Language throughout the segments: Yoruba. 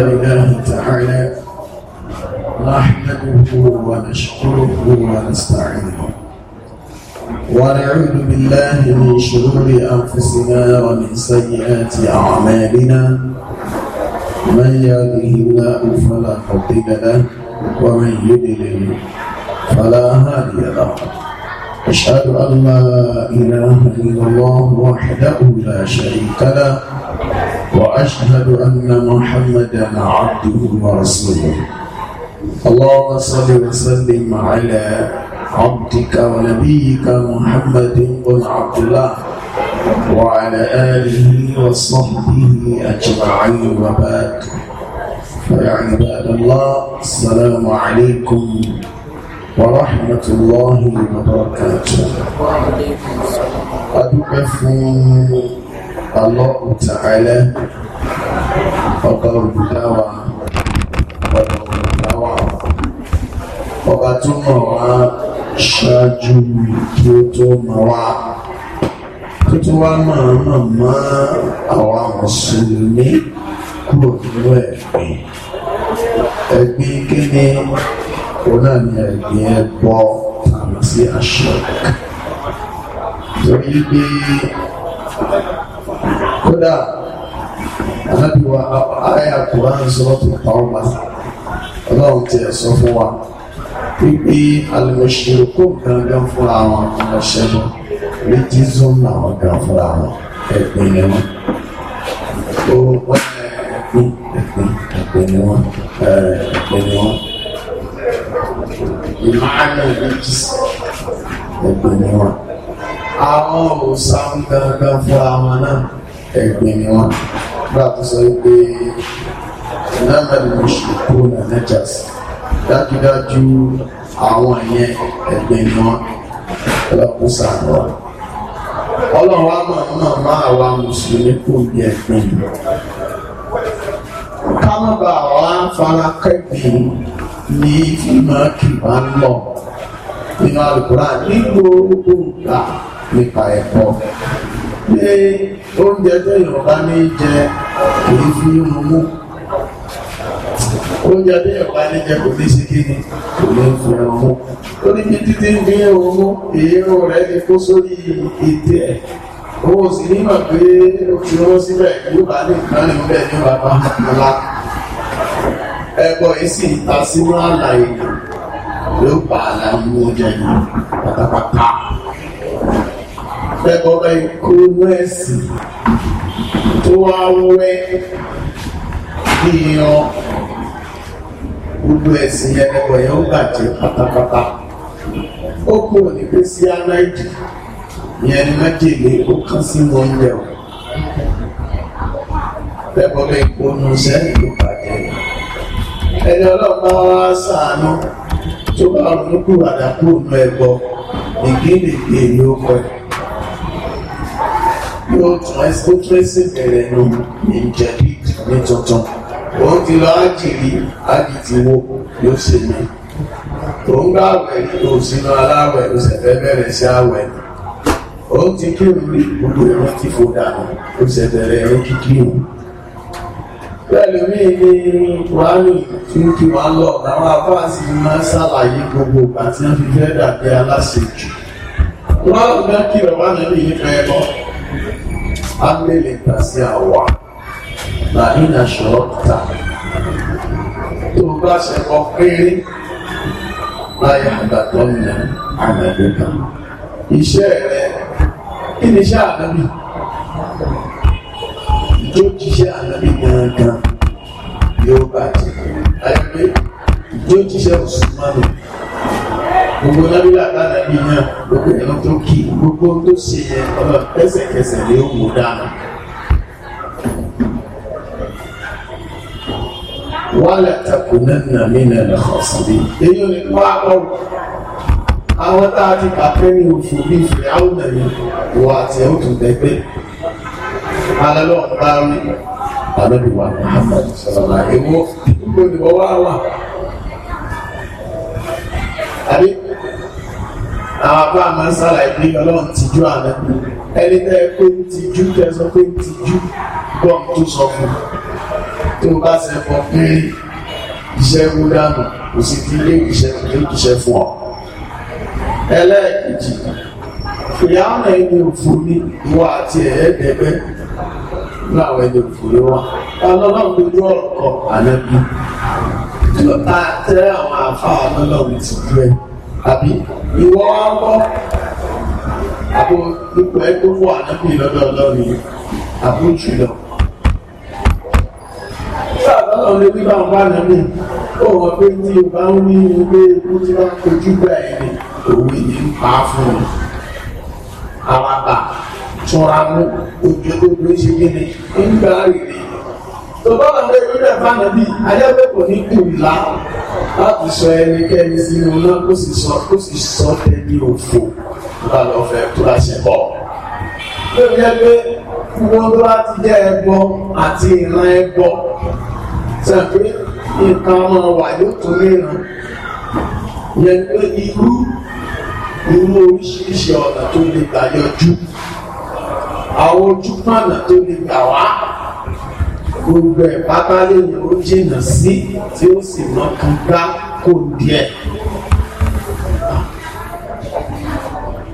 لله تعالى نحمده ونشكره ونستعينه ونعوذ بالله من شرور انفسنا ومن سيئات اعمالنا من يهده الله فلا مضل له ومن يضلل فلا هادي له اشهد ان لا اله الا الله وحده لا شريك له وأشهد أن محمدا عبده ورسوله اللهم صل وسلم على عبدك ونبيك محمد بن عبد الله وعلى آله وصحبه أجمعين وبعد فيا عباد الله السلام عليكم ورحمة الله وبركاته. وعليكم السلام. Allah Ta'ala ọ̀gá olùdáwà ọ̀gá olùdáwà ọba tó mọ̀ wá ṣáájú kí ó tó mọ̀ wá tó tó wá máa mọ̀ mọ́ àwa mùsùlùmí kúrò nínú ẹ̀gbìn ẹ̀gbìn kíni òun náà ni ẹ̀gbìn ẹ̀bọ tàbí sí àṣọ torí pé kódà anábìwá àyà kùránì sọ́rọ́ tó pa ọ́ bàtà ọlọ́run ti ẹ̀ sọ fún wa pípé alùmọ̀ṣẹ̀rù kó gangan fún àwọn ọmọṣẹ́nu méjì zoom làwọn gan fún àwọn ẹ̀pìn ni wọn. ó wọ́n ẹ̀pìn ẹ̀pìn ẹ̀pìn ni wọ́n ẹ̀pìn ni wọ́n. ìmáàlú méjì ẹ̀pìn ni wọ́n. àwọn òòsàn gangan fún àwọn náà ẹ̀gbìn ni wọ́n gbà tó sọ wípé ìlànà ìṣòkó nà nẹ́jàs dájúdájú àwọn ìyẹn ẹ̀gbìn ni wọ́n ọlọ́kùn sàánú wa ọlọ́run wa máa máa máa wa mùsùlùmí kò bí ẹ̀gbìn ká má bàa wá fara kẹ́gbìn ní ìfìmọ̀ kì máa ń lọ nínú àlùkùrá nígbò gbòǹgbà nípa ẹ̀kọ́ pé oúnjẹ tó Yorùbá ní jẹ kì í fi mú mú oúnjẹ tó Yorùbá ní jẹ kò ní sí kí ni kò ní fi mú mú ó ní bí títí ń fi mú mú èèrò rẹ̀ ti kó sórí ètè ẹ̀ owó sì nígbà pé ó ti rán síbẹ̀ Yorùbá ní ìkànnì bẹ́ẹ̀ ní bàbá ńlá ẹgbọ́ ìsìn ìta sínú àlàyé ló bá àlàyé ọjà yìí pátápátá tẹ́gbọ́bá ikú inú ẹ̀sìn tó wá wẹ́ ìyàn gbogbo ẹ̀sìn yẹn lẹ́gbọ̀n yẹn ó bàjẹ́ pátápátá ó kú òní pé sí aláìjì yẹn ni májèlé ó kán sí wọn lẹ o tẹ́gbọ́bá ikú inú sẹ́yìn ló bàjẹ́ ẹni ọlọ́pàá wá sàánú tó bá ọ̀run kúrò àdàkùn inú ẹ̀gbọ́ ìgbín ló kọ́ ẹ̀ ló ó fẹ́ sí bẹ̀rẹ̀ nu ìjẹ̀bi ní tuntun òun ti lọ ájìrí ájì ti wo ló ṣe mi òun gbá àwẹ̀ nínú sínú aláwẹ̀ ló ṣẹ̀fẹ́ bẹ̀rẹ̀ sí àwẹ̀ òun ti kírun ní gbogbo ẹ̀rọ ti fò dànù ló ṣẹ̀ bẹ̀rẹ̀ ẹ̀rọ kíkí o pẹ̀lú mi ní wàhálù tí ń kí wàá lọ àwọn afáàsì máa ń ṣàlàyé gbogbo ìgbà tí wọ́n fi fẹ́ dàbí aláṣejù wọ́n á lọ kí ọ̀wá nàbí yìí fẹ́ bọ́ agbélébà sí àwa làyínà ṣọ́ọ̀tà tó bá ṣẹ̀kọ́ péré láyé àgbàtọ́ ní àgbàdégbà iṣẹ́ rẹ kí ni iṣẹ́ ànábì tó jíṣẹ́ ànábì gangan yóò bàjẹ́ àyẹ̀wé tó jíṣẹ́ òṣùmánù gbogbo lábílà lánàá bí náà gbogbo ẹ̀rọ tó kì í gbogbo tó ṣe yẹn ọ̀rọ̀ kẹsẹ̀kẹsẹ̀ lé òun dáná. wàhálà takunan nàmí nàlẹ́ ọ̀sìn èyí ò ní kó àkọ́rù àwọn tá a ti pàpẹ́ ní oṣù bí ìfẹ́ àwọn nàìjíríà wọ àti ẹ̀ ó tún dẹ́gbẹ́ alẹ́lọ́ ọ̀tá rí alẹ́lùwà Muhammad sọ̀rọ̀ àìwọ́ gbogbo ìwọ́ wá wà àwọn àbá máa ń ṣàlàyé pé ọlọ́run ti jú àná ẹni tẹ́ ẹ pé ń ti jú tẹ́ sọ pé ń ti jú bọ́ọ̀m tó sọ fún tó bá ṣe fọ pé iṣẹ́ mú dànù kò sì fi lé iṣẹ́ lé iṣẹ́ fún ọ. ẹlẹ́ẹ̀kejì fìyàwó ẹni òfin ní ìwà àti ẹ̀ẹ́dẹ́gbẹ́ láwọn ẹni òfòrò wa ọlọ́lọ́run lójú ọ̀rọ̀ kọ àlẹ́bí tí ó ta tẹ́ àwọn àfáà ọlọ́run ti dúró ẹ̀ àbí ìwọ wa ń kọ́ àbò nípa ẹ tó fún ànábì lọ́dọ̀ ọlọ́run yìí àbò jùlọ. sáà lọ́dọ̀ lè bí bá ń bá ànábì ó wọ pé tí o bá ń ní ilé ikú tí wọ́n kojú gbà ẹ̀ ni òwe ni ń pa fún un. àràbà túnra mú ojú gbogbo ṣe kí ni ń gbà rèé tọ́gbọ́n náà lè rí rẹ̀ fáwọn ẹbí ayẹ́pẹ́ kò ní kù lá láti sọ ẹnikẹ́ni sínú náà kó sì sọ kó sì sọ tẹ̀lé òfò nígbà lọ fẹ́ tó bá ṣe bọ̀. lórí ẹgbẹ́ wọn tó bá ti jẹ́ ẹgbọ́ àti ìran ẹgbọ́ sẹ́pẹ́ nǹkan máa wà yóò tó níran yẹn pé irú irú oríṣiríṣi ọ̀nà tó lè gbà yọjú àwọn ojú pàànà tó lè gbà wá gbogbo ẹ̀ pátá lèyìn ó jìnnà sí tí ó sì mọ kan gbá kò díẹ̀.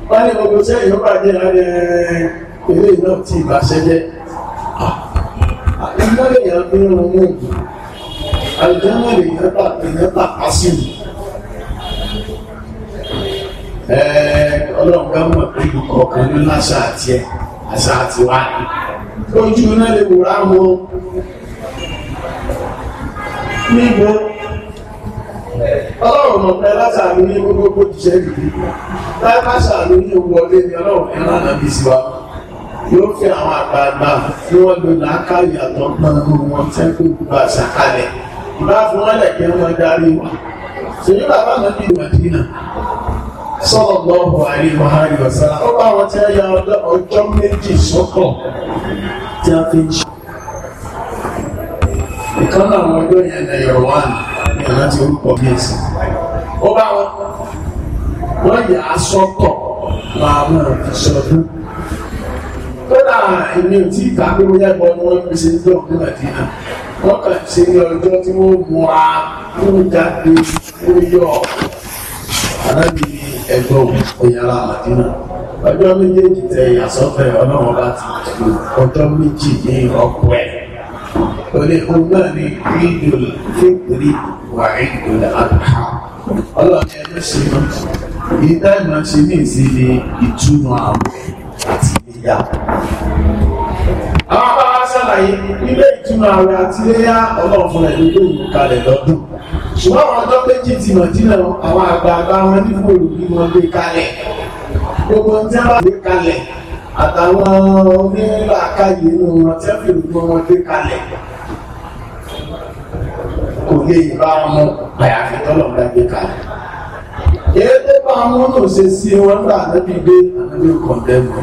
wọ́n ní gbogbo sẹ́yìn ó bàjẹ́ láyé eré náà ti ìbàṣẹ́ jẹ́. àbíkọ́ lèyàn fi ń ronú ìlú àlùjáná lèyàn bà lèyàn bà á sí mi. ọlọ́run ká mọ̀ pé ìkọ̀ọ̀kan ní láṣà àti ẹ̀ àṣà àti wáyé. ojú náà lè wòrá wọn níbo ọlọ́run ọ̀pẹ látàrí ní gbogbo jíṣẹ́ ìlú láìpáṣà ló ní owó ọdẹ ní ọlọ́run ẹ̀rọ àbí síwá yóò fi àwọn àgbààgbà tí wọ́n lò wọn tẹ́kù gbogbo wọn lẹ̀kẹ́ wọn darí wa ṣèyí bàbá sallallahu alaihi wa sallam ó bá wọn tí a ya ọjọ́ méjì sọ́kọ̀ tí a fi ń ṣe. ìkan náà wọn yóò yẹn lẹ yọrọ wà ní ìlànà tí orúkọ bí èsì ó bá wọn wọn yà á sọ́kọ̀ làwọn ìṣọdún kódà èmi ò tí ìta pé bóyá ìbọn ni wọ́n fi ṣe ń dọ̀ ní Màdínà wọ́n kàn ṣe ní ọjọ́ tí wọ́n múra fún jáde fún yọ̀ ọ́ ẹgbọ́n òyàrá àmàdínà ọjọ́ méjèèjì tẹ ìyàsọ́fẹ́ ọlọ́run bá ti ju ọjọ́ méjì ní ọ̀pọ̀ ẹ̀ torí ohun náà ni Eidul Fitri wà Eidul Adha ọlọ́run ẹjọ́ ṣe mọ́ ìdá ìmọ̀ ṣe ní ìsinmi ìtúnu àwẹ̀ àti ìyá àwọn bá wá ṣàlàyé ilé ìtúnu àwẹ̀ àti ìyá ọlọ́run fún ẹ̀ ló lóun kalẹ̀ lọ́dún ṣùgbọ́n àwọn ọjọ́ méjì ti mọ̀dínà àwọn àgbààgbà wọn nípò ní wọn gbé kalẹ̀ gbogbo ní wọn gbé kalẹ̀ àtàwọn onílà káyé inú wọn tí wọn fi rògbò wọn gbé kalẹ̀ kò lè bá mú àyàfi tọ́lọ̀ bá gbé kalẹ̀ èyí tó bá mú nù ṣe sí wọn gbà níbi dé àbí kọ̀ndẹ́mù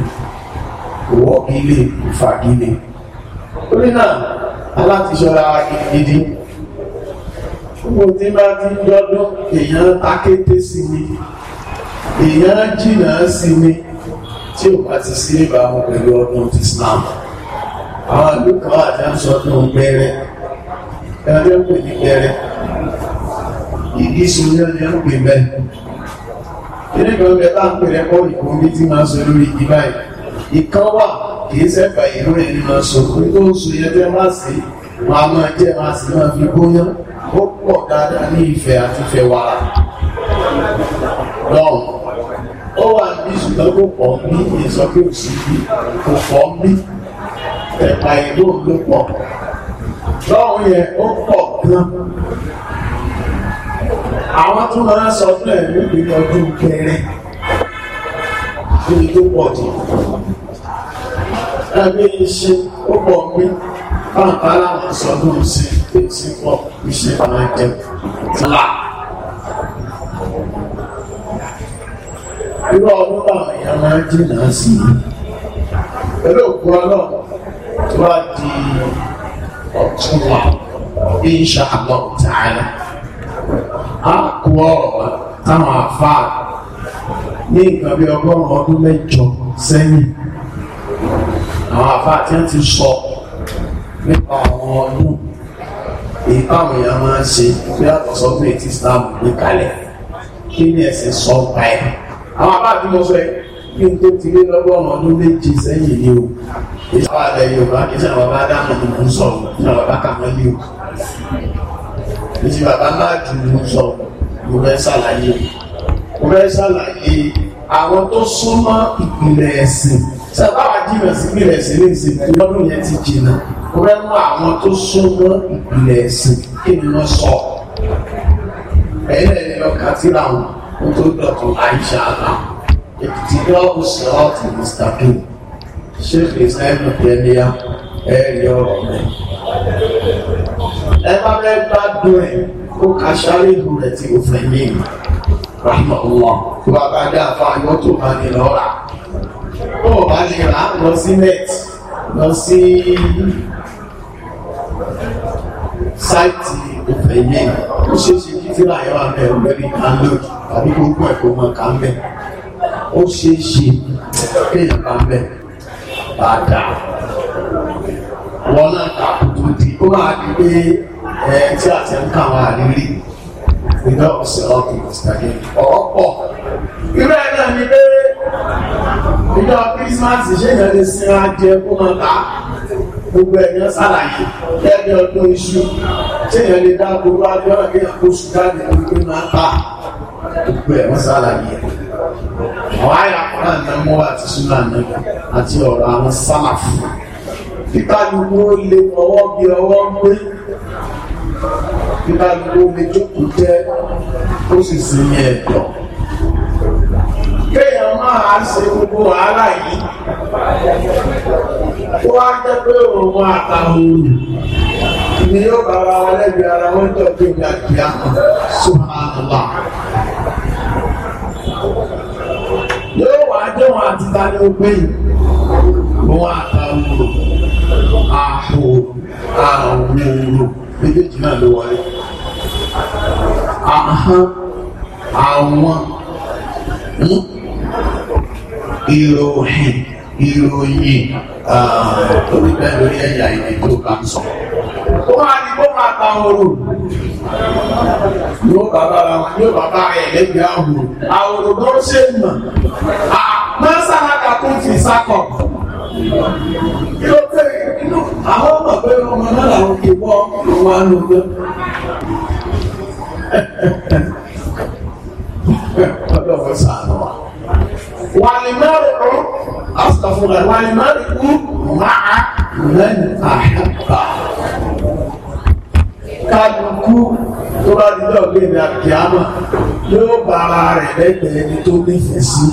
òwò kílè fàgílè torí náà aláti ṣọ́ra gidi gbogbo tí bá ti dọ́dún èèyàn takété sí ni èèyàn jìnnà sí ni tí ò bá ti sí ìbámu pẹ̀lú ọdún ti Islam àwọn àlùkò àti àṣọdún bẹ̀rẹ̀ ẹgbẹ́ ń pè ní bẹ̀rẹ̀ ìdíṣe ní ọjọ́ ń pè bẹ́ẹ̀ ilé ìgbà ọgbẹ́ tá ń pè rẹ kọ́ ìkó ní tí máa sọ lórí ìdí báyìí ìkan wà kì í sẹ́fà ìró ẹni máa sọ pé tó ń sọ yẹn fẹ́ máa sí máa máa jẹ́ máa sì máa fi gbóyán ó pọ̀ dáadáa ní ìfẹ́ àti ìfẹ́ wàrà lọ́wọ́ ó wà ní ṣùgbọ́n kò pọ̀ ní ìsọ pé ò sí bí kò pọ̀ ní ẹ̀ka ìlú ló pọ̀ lọ́wọ́ yẹn ó pọ̀ gan àwọn tó máa ń sọ fún ẹ̀ níbi ọdún kẹrin níbi tó pọ̀ jù ẹgbẹ́ iṣẹ́ ó pọ̀ pé pàǹpá làwọn sọdún sí i things you want, you should not do. Irú ọdún náà ìyá máa ń jìnnà sí i. Pẹ̀lú òkú ọlọ́run tó bá di ọ̀túnwá insha Allah ta'ala. A kó ọ̀rọ̀ táwọn àfáà ní nǹkan bí ọgọ́rùn-ún ọdún mẹ́jọ sẹ́yìn. Àwọn àfáà tí wọ́n ti sọ nípa àwọn ọdún èyí táwọn èèyàn máa ń ṣe bí àtọ̀sọ́ pé tí Islam gbé kalẹ̀ kí ni ẹ̀sìn sọ pa ẹ̀. àwọn abáàbí mo fẹ́ kí n tó ti lé lọ́gọ́rùn-ún ọdún méje sẹ́yìn ni o ìṣàwọn àlẹ Yorùbá kì í ṣe àwọn bá dáhùn ní mò ń sọ ní àwọn bá kà mọ́ ní o ìṣe bàbá má dùn mò ń sọ mo fẹ́ ṣàlàyé mo fẹ́ ṣàlàyé àwọn tó súnmọ́ ìpìlẹ̀ ẹ̀sìn sábà wà jìnnà sí ìpìlẹ̀ ẹ̀sìn ní ìsìn lọ́dún yẹn ti jìnnà rẹ́ mú àwọn tó súnmọ́ ìpìlẹ̀ ẹ̀sìn kí ni wọ́n sọ ẹ̀yìn ẹ̀yìn ọkà tí ra wọn kó tó dọ̀tún àìṣà àlà èkìtì lọ́wọ́ sọ̀rọ̀tì mr p ṣé fèsì ẹ̀mí pẹ̀lẹ́yà ẹ̀rí ọ̀rọ̀ rẹ̀ ẹ bá fẹ́ gbádùn rẹ̀ kó ka sáré ìlú rẹ̀ tí o fẹ́ ní ìlú rahmanullah tó bá bá dá àfa àyọ́ tó bá ní lọ́ra tó bá lè rà lọ sí net lọ sí sáìtì òfẹ́ yé ó ṣe é ṣe kí tíra yẹn wà bẹ́ẹ̀ lórí download tàbí gbogbo ẹ̀ kó mọ ká ń bẹ̀ ó ṣe é ṣe kéèyàn bá ń bẹ̀ bá dà wọn náà kà tó di ó máa di pé ẹ tí àti ń kà wọn àrírí iná ọ̀sẹ̀ ọ̀gbìn ìsìtàgé ọ̀pọ̀ irú ẹ̀ náà ni pé ìjọ kírísímàsì ṣé ìyẹn lè sin ajẹ kó máa ta gbogbo ẹ̀yàn sàlàyé lẹ́ẹ̀mí ọdún iṣu tí èèyàn lè dá gbogbo abẹ́rẹ́ àgbẹ̀yàn kó sùn jáde àwọn ìgbé máa ta gbogbo ẹ̀yàn sàlàyé àwọn àyà kọ́nà ìdánwò àti súnà náà àti ọ̀rọ̀ àwọn sálàfù kíkàlùkù ó lè ọwọ́ bí ọwọ́ ń pé kíkàlùkù ó lè jókòó jẹ́ ó sì sinmi ẹ̀dọ̀ kéèyàn máa ṣe gbogbo wàhálà yìí kó wá jẹ́ pé òun àtàwọn olù ni yóò bá wa wọlé bí ara wọn tó gbé ìgbà kíá sùnmọ́nàlá. yóò wá jẹ́ wọn àti tani ogbe yìí òun àtàwọn olù àpò àwọn olù méjèèjì náà ló wọlé. àwọn hmm, ìròyìn ìròyìn ah, tó ní bẹ́ẹ̀ lórí ẹ̀yà èdè tó bá ń sọ. ó máa ní kó máa ta oòrùn yóò bàbá yóò bàbá rẹ̀ lẹ́gbẹ̀ẹ́ àwòrán àwòrán ló ń ṣe mọ̀ àmọ́sálàkà tó fi sákọ̀. yóò tẹ̀lé inú àwọn ọmọ pé ọmọ náà làwọn kì í wọ́ ọmọ àlùkò. ọlọ́wọ́ sàánú wa. wà ní mẹ́rin kan àtàfùlà wà ní máa kú máa lẹ́nu àṣàbà. Kálukú tó bá di lọ́ọ̀gbé ní Akíámà yóò bára rẹ̀ lẹ́gbẹ̀ẹ́ ẹni tó nífẹ̀ẹ́ sí.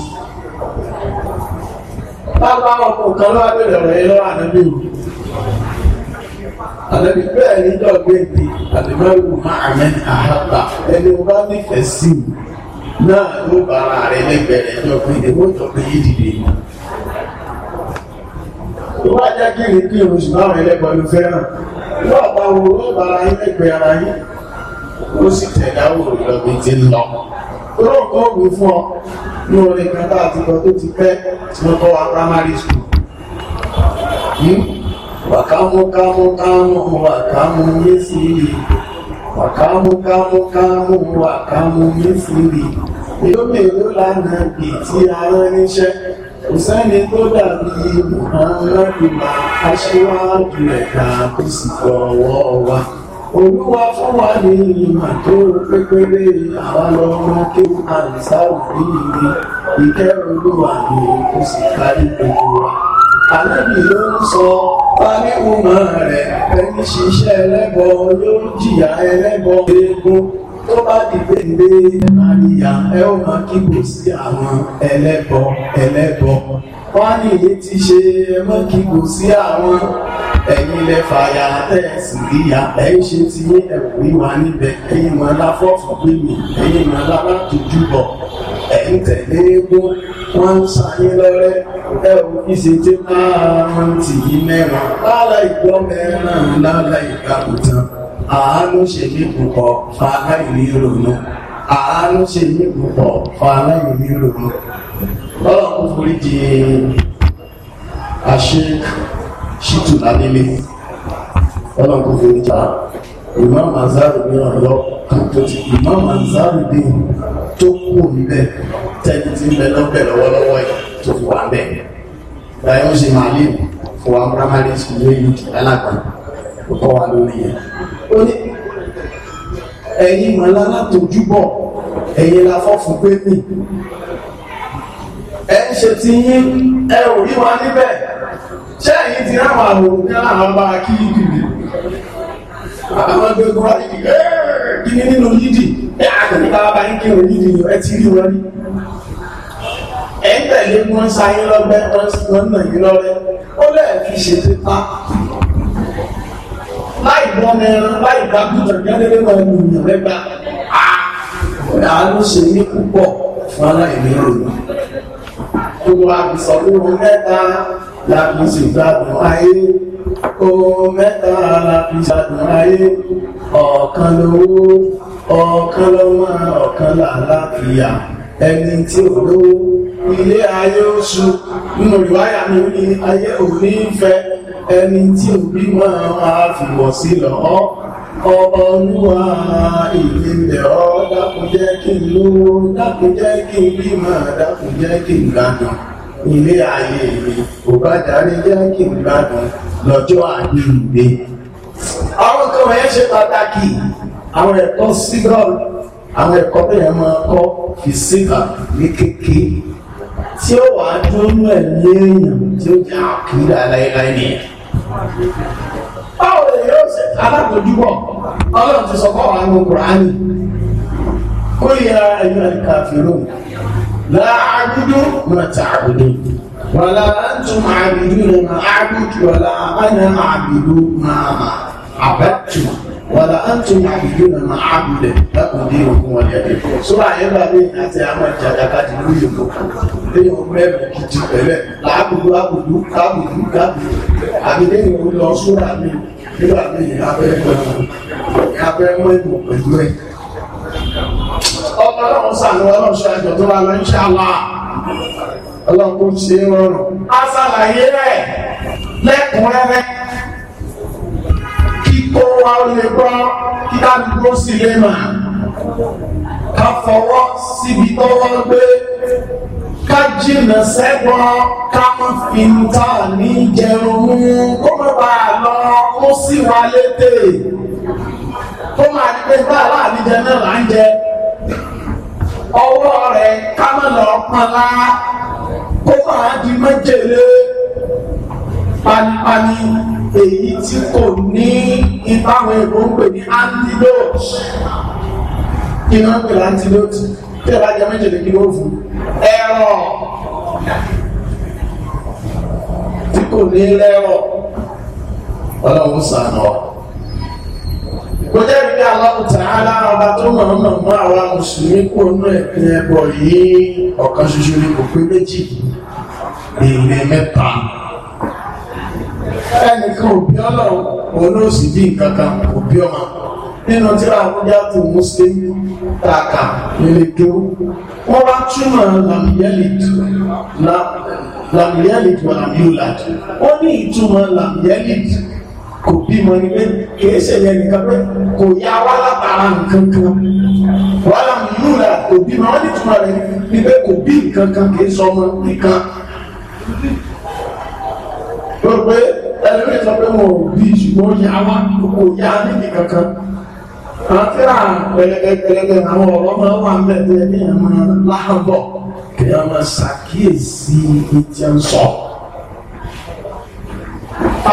Bábá ọkùnrin kan lọ́wọ́ bẹ̀rẹ̀ rẹ̀ lọ́wọ́ ànábì wò. Ànábì bẹ́ẹ̀ ní lọ́ọ̀gbé ní àdìmọ́wò máa lẹ́nu àṣàbà ẹni ó bá nífẹ̀ẹ́ sí náà ló bára rẹ̀ lẹ́gbẹ̀ẹ́ ẹni ọ̀gbìn ìdíwọ́jọ́ pé yídìí tó bá jẹ́ kí ní kí oṣù láwọn ẹlẹ́gbọ́n ló fẹ́ràn yóò bá wo ó bára yín lẹ́gbẹ̀ẹ́ ara yín ó sì tẹ̀dáwò ìlọ́bí ti ń lọ. olóòkó òwe fún ọ ní orin kan tá a ti kọ tó ti pẹ́ tí wọ́n kọ́ wa primary school. wàkámúkámúkámú wàkámú yésìrì wàkámúkámúkámú wàkámú yésìrì. èló mélòó lánàá bì tí a rán níṣẹ́ kò sẹ́ni tó dàbí Muhammad ìmọ̀ aṣíwájú ẹ̀ka tó sì fọwọ́ wa olúwa fún wa ní ìmọ̀ tó pépéré àwa lọ́mọ tó àǹsáwò níbi ìkẹ́rọ̀lúwà ní kò sì kárí gbogbo wa. Àlẹ́bí ló ń sọ pálíwùmọ̀ rẹ̀ ẹni ṣiṣẹ́ ẹlẹ́bọ yóò jìyà ẹlẹ́bọ eégún tó bá dìde ìdè àríyá ẹ ó máa kíkò sí àwọn ẹlẹ́bọ ẹlẹ́bọ wọ́n á ní èyí ti ṣe ẹ mọ́ kíkò sí àwọn ẹ̀yin lẹ fàyà tẹ̀sí ríya ẹ̀yin ṣe ti ní ẹ̀kú ìwà níbẹ̀ ẹ̀yin mọ̀ láfọ́fọ́ pé mi ẹ̀yin mọ̀ lábàtújú bọ̀ ẹ̀yin tẹ̀lé eégún wọ́n ń ṣayé lọ́rẹ́ ẹ ò fi ṣe tí máa rántí yìí mẹ́wàá lára ìgbọ́ mẹ́ràn lára ìgbàgbọ́tàn. a ṣe mí púpọ̀ fa aláìní ronú. Àánú ṣe mí púpọ̀ fa aláìní ronú. Lọ́lọ́ kún forí di àṣẹ ṣìtù lábílé. Lọ́lọ́ kún forí jà Imam Azharuddeen ọ̀yọ́ tó ti ti ń bẹ lọ́bẹ̀ lọ́wọ́lọ́wọ́ yìí tó oní ẹ̀yin mọ̀lára tó júbọ̀ ẹ̀yin la fọ́fún pé mi ẹ̀ ń ṣe ti yín ẹ ò rí wa níbẹ̀ ṣé ẹ̀yin ti ráwọn àwòrán ní àwọn bá kí ìdìbò àwọn gbogbo àìdí kíní nínú yídì ẹ àgbẹ̀ta bá ń kí òun yídì ẹ ti rí wọn rí ẹ ń tẹ̀lé wọn sáyé lọ́gbẹ́ wọn náà yí lọ́rẹ́ ó lẹ́ẹ̀ fi ṣe pípa wọn ẹran báyìí ká kú tàn jáde lé wọn ẹnu ìyàn mẹ́ta àánú ṣe ní púpọ̀ fún aláìní òní gbogbo àbùsọ̀rọ̀ mẹ́ta làbí ṣègbàdùn ayé ohun mẹ́ta làbí ṣàdùn ayé ọ̀kan lówó ọ̀kan lọ́mọ ọ̀kan làlàáfíà ẹni tí ò lówó ilé ayé oṣù nínú ìwáyà mi ní ayé òní ń fẹ́ ẹni tí òbí máa máa fìwọ̀ sí lọ ọba olúwa ìlú ilẹ̀ ọ dákun jẹ́ kí n lówó dákun jẹ́ kí n bímọ dákun jẹ́ kí n gbádùn ilé ayé mi kò bá darí jẹ́ kí n gbádùn lọ́jọ́ àdé ìgbé. àwọn kan wọ̀nyẹn ṣe pàtàkì àwọn ẹ̀kọ́ sígọ́ọ̀lù àwọn ẹ̀kọ́ bẹ́ẹ̀ máa kọ́ fìsíkà ní kékeré tí ó wàá dúró ẹ̀mí èèyàn tí ó jẹ́ àkúrà láéláé nìyẹn báwo lè yóò ṣe alákòjúbọ̀ ọlọ́run ti sọ fọ́ ọ̀rọ̀ àwọn kùránì kó yẹ ẹ̀yọ́ ẹ̀ka fìlò láàbùdó mọ̀tà àbùdó wàlá àtún àbùdó rẹ̀ àbùdó wàlá àbùdó máa àbẹ̀tùmọ̀ wàlá àǹtí ní àbíjú nà má àbúlẹ̀ lákòódì òkun wọn yẹn. sọ́wọ́ àyẹ̀wò àbẹ̀yìn àti àwọn ìjàdàkadì ló yẹ kó lẹ́yìn ogun ẹ̀rọ gidi pẹ̀lẹ́ làábùdú àbùdú kábùdú kábùdú àbí lẹ́yìn ogun lọ sóra mi nígbà míì abẹ́rẹ́ abẹ́rẹ́ mọ́ pẹ̀lú ẹ̀. ọmọ náà ń sànú ọlọ́ọ̀ṣọ́ àjọ tó wà lọ́n ṣàlá ọlọ́kùn ṣe é rọrùn. a ṣàlàyé rẹ̀ lẹ́kùnrẹ́rẹ́ wa ó lè gbọ́ kí kálukú sì lè mà ká fọwọ́ síbi tọ́wọ́ gbé ká jìnà sẹ́gbọ́ ká má fi ń ta ní jẹun mú kó má bàa lọ kó sì wá létè kó máa ní pé bá aláàbí jẹ náà là ń jẹ ọwọ́ rẹ̀ ká má lọ pọnlá kó máa di méjèlé panipani èyí tí kò ní ìtàwọn èèbó ń pè ní antidote kí ni wọ́n pè ní antidote tí ẹ bá jẹ méjèlè kí ló fún ẹ̀rọ tí kò ní lẹ́rọ̀ ọlọ́run sànà ọ́ kò jẹ́ bí aláwọ̀ tààlà ọba tó mọ̀ọ́mọ̀ mọ́ àwa mùsùlùmí kò nú ẹ̀pin ẹbọ yìí ọ̀kan ṣoṣo ni kò pé méjì èèyàn mẹ́ta ẹnìkan òbí ọlọ́run òun ló sì bí nǹkan kan òbí ọmọ nínú tíra àbújá tó muslim tààkà nílé tó wọ́n bá túmọ̀ làmìyẹ́lìd wàlámìúlàd ó ní ìtumọ̀ làmìyẹ́lìd kò bímọ ní pé kìí ṣe yẹn nìkan pé kò yá wá látara nǹkan kan wàlámìúlàd kò bímọ wọ́n ní ìtumọ̀ rẹ̀ ní pé kò bí nǹkan kan kìí sọ ọmọ nìkan ẹlòmíì sọ pé wọn ò rí ṣùgbọ́n yà wá kò yá níbi kankan àwọn tí ra pẹlẹpẹlẹpẹlẹ àwọn ọ̀rọ̀ máa wà mẹ́tẹ́ ní àwọn láàbọ̀ kí wọ́n máa ṣàkíyèsí ìjẹ́ ń sọ.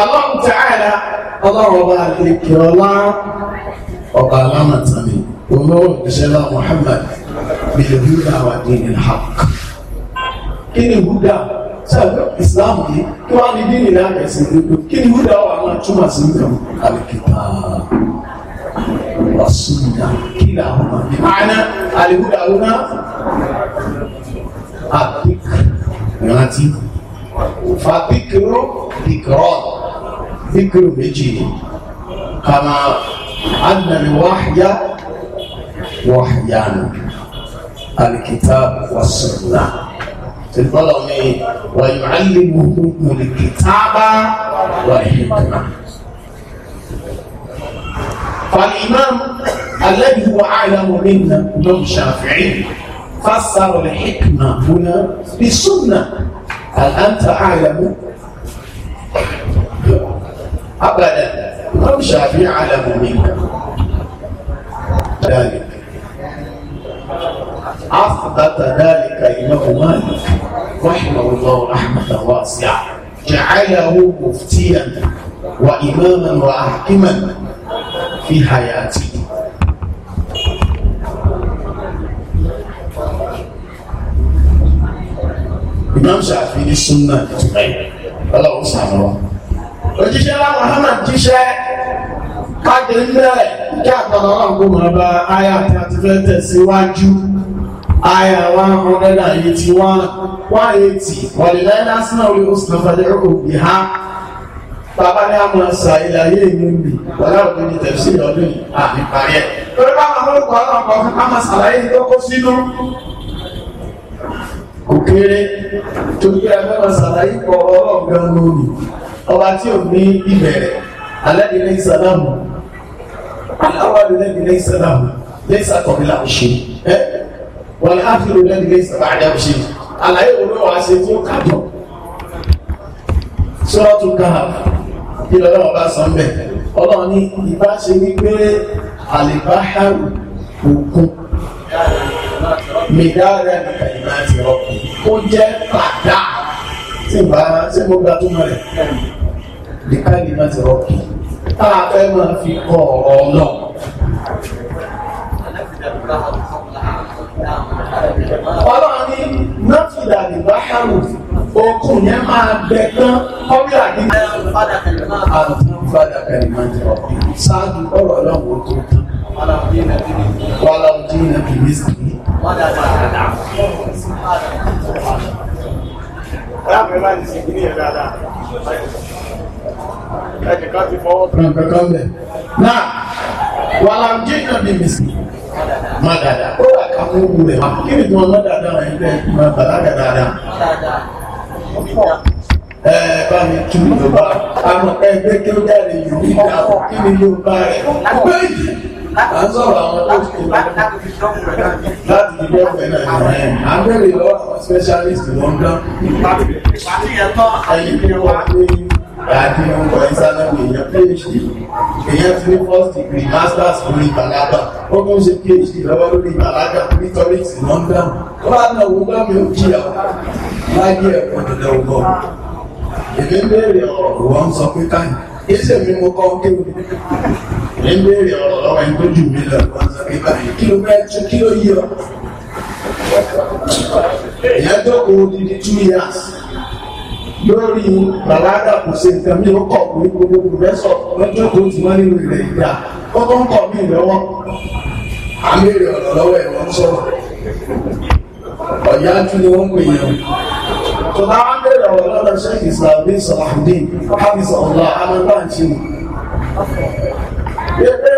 Allah ta'ala ọlọ́run ọba àlekè ọlá ọba alámàtàmì olówó ìṣẹ́lá Muhammad bìlẹ̀ húdà wà dín ní hàk. kí ni húdà? sẹ́gbẹ̀ islam yìí kí wọ́n á ní dínì náà ẹ̀sìn gbogbo kí ni wúdà wà máa túmọ̀ sí nǹkan àlùkìtà wàsúnà kílà ọmọ ní àná àlùkùdà ọmọ àbík rántí fàbíkìrò bíkìrò bíkìrò méjì kàmá ànàmì wáhíyá wáhíyá àlùkìtà wàsúnà. tìbọ́lọ̀ ní wọ̀nyí فالإمام الذي هو أعلم منا هو الشافعي فسر الحكمة هنا بالسنة هل أنت أعلم؟ أبدا هو الشافعي أعلم منا ذلك أثبت ذلك إمام مالك رحمه الله رحمة واسعة جعله مفتيا وإماما وحكما في حياته Imam Shafi ní súnà ọlọ́run sàmúwá. Òjíṣẹ́ láwọn hánà jíṣẹ́ káàkiri ń bẹ̀rẹ̀ kí àtàwọn ọlọ́run kò mọ̀ bá ayé àti àti fẹ́ tẹ̀síwájú aya one hundred and eighty-one one eighty wàlíláyé lásán náà orí oṣù náà fàdé ọkọ̀ bí ha bàbá ní àmọ́ ṣà ilẹ̀ ayé ìlú mi wọlé ọdún ní tẹ̀sí ọdún yìí àbí parí ẹ̀. torí bá àwọn olùkọ́ ọlọ́pàá fún ká máa ṣàlàyé tó kó sínú. kò kéré torí ẹ fẹ́ máa ṣàlàyé kọ ọlọ́ọ̀gán lónìí ọba tí ò ní ìbẹ̀rẹ̀ alẹ́ ìlẹ̀ ìsàlámù aláwọ̀ ìlẹ̀ ìsàlámù lẹ́sàkọ̀ọ́bí làwọn ṣe ẹ́ wọ́n á fi lóde ní gbèsè bá àdá ṣe àlàyé wo ló wàá ṣe fún kájọ. sọ́rọ́ tún ká kí lọ́dọ̀ wọn bá san bẹ́ẹ̀ ọlọ́run ní ìbá ṣe ní pé àlèbáhàrù òkun mìdára nípa ti rọ́pò ó jẹ́ pàdá tí mo bá tí mo gbà tó mọ̀ rẹ̀ nípa ti rọ́pò tá fẹ́ máa fi kọ́ ọ̀rọ̀ náà ọlọ́run ní nọ́tìdà ní bákàrù okùn yẹn máa bẹ tán ọbí àdínà fada kẹlẹmà àtún fada kẹlẹmà jẹ ọkùn ṣáájú ọ̀rọ̀ ọlọ́run tó tán wàlàmùdí nàbí mísìlì. Ẹ̀jẹ̀ kan ti fọwọ́. Náà, wàlàmùdí nàbí mísìlì má dáadáa ó rà ká fún wù rẹ̀ kí ni wọn má dáadáa rẹ̀ bẹ́ẹ̀ má bàlágà dáadáa. ẹ bá mi tu yorùbá àwọn ẹgbẹ́ kí ó dáre yorùbá ìdáwọ̀ kí ni yorùbá rẹ̀ gbé yìí à ń sọ̀rọ̀ àwọn tó ti kó láti fi dọ́kùnrin náà ní ẹ̀ à ń bẹ̀rẹ̀ lọ́wọ́ àwọn specialist lọ́ndọ́n. ẹ̀yin ni wọ́n pé àti orúkọ ìsánẹ́wò èèyàn phd èèyàn ti ní first degree masters lórí ìbàlágà ó kún ṣe phd lọ́wọ́ lórí ìbàlágà nítorí ìsìnà ń dáhùn tó bá náà wọ́n bá mi ò jìyà láyé ẹ̀kọ́ dẹ̀dẹ̀ ọgbọ́n èmi ń béèrè ọ̀rọ̀ wọ́n ń sọ pé káyìn ìṣe mi mo kọ́ kéwù mi ń béèrè ọ̀rọ̀ lọ́wọ́ ẹni tó jù mí lọ wọ́n sọ pé káyìn kí ló fẹ́ tún kí ló yí ọ. ìyẹn tó lórí bàlágà kò ṣe nǹkan mi ó kọ̀ pé gbogbo pòfẹ́sọ̀ lọ́jọ́ tó ti wọ́n nínú ilẹ̀ ìdá kọ́kọ́ ń kọ̀ mí lọ́wọ́ àmì rẹ̀ ọ̀rọ̀ lọ́wọ́ ẹ̀ wọ́n sọ̀rọ̀ ọ̀yá tún ni wọ́n pè yàn tó bá wá bẹ̀rẹ̀ ọ̀rọ̀ lọ́dọ̀ ṣe ìsìláàmì sọ̀rọ̀dé káàbísọ̀ ọ̀la amẹ́bàǹtì pépé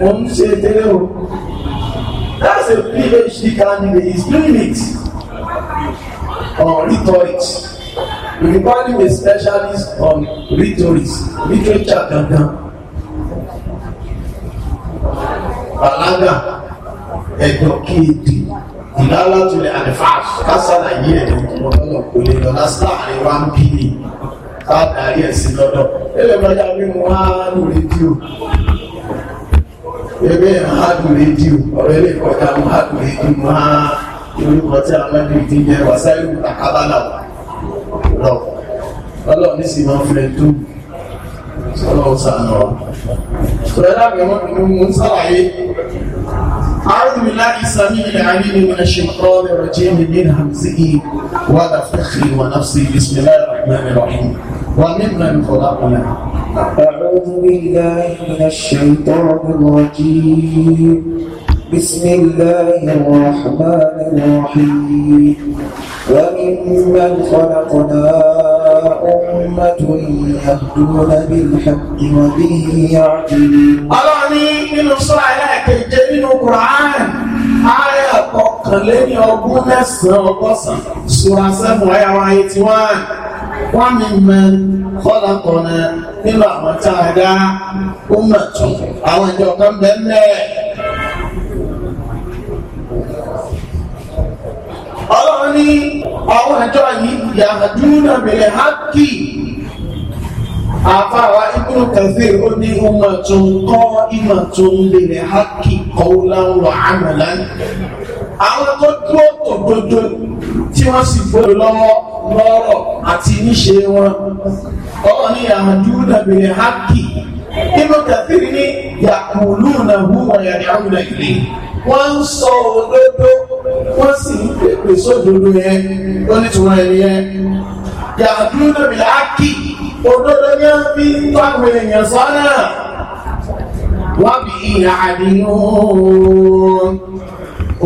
mo ń ṣe tẹ́lẹ̀ o that's a PhD candidate is doing it or rhetoric we become a specialist on rhetorics literature gangan balaga ẹ̀dọ̀ kéèdè ìlàlátúlẹ̀ àdìfáàs kásàlàyé ẹ̀dọ̀ ọ̀dọ́lọ̀ kò lè lọ lásìlá àárín wa ń bí ni káàkiri ẹ̀sìn lọ́dọ̀ ẹ̀rẹ̀ bọ́jà mímú wá ní rédíò ebe mahadu rédíò ọ̀rọ̀ ilé ìkọjá mahadu rédíò máa orúkọ tí a mẹ́rin ti yẹ wàsáìlú àkábálà wà lọ ọlọ́run ní sì máa ń fẹ́ tó ọlọ́run sànà ọ. sọ̀rọ̀dá mi wọ́n ní mú sàlàyé أعوذ بالله السميع العليم من الشيطان الرجيم من همزه ونفخه ونفسه بسم الله الرحمن الرحيم وممن خلقنا أعوذ بالله من الشيطان الرجيم بسم الله الرحمن الرحيم وممن خلقنا أمة يهدون بالحق وبه يعدلون الله ní nínú sura ẹlẹ́ẹ̀keje nínú Qur'an àyá kọkànléní ọgbọ̀n mẹ́sàn-án ọgọ́sàn-án sura seven àyá one eighty one wọ́n mi mẹ́ kọ́lákọ̀ọ́nà nínú àwọn tá a dá ó mọ̀ tún àwọn ìjọ kan bẹ́ẹ̀ mẹ́ẹ̀. ọlọ́run ní àwọn ìjọ yìí yàdúnà bẹ̀rẹ̀ hákì àfàwà ibùdó kẹfẹ́ ó ní ọmọ tó ń kọ́ ìmọ̀ tó ń bẹ̀rẹ̀ hákì kọ́ọ́lá wà ámàlá àwọn tó dúró òdodo tí wọ́n sì gbọ́dọ̀ lọ́wọ́ lọ́rọ̀ àti níṣe wọn ọ̀rọ̀ ní yàdúnà bẹ̀rẹ̀ hákì ibùdó kẹfẹ́ ní yàkùlù náà wúwọ̀ yàdúnà ìlẹ́yìn wọ́n ń sọ òdodo wọ́n sì ń pèpè sódodo yẹn wọ́n ní tiwọn ẹni yẹn yàtú nàbí láàkì òdodo yẹn fi ń tọ́ àwọn èèyàn sọ́nà wọ́n bí ìyá àdínú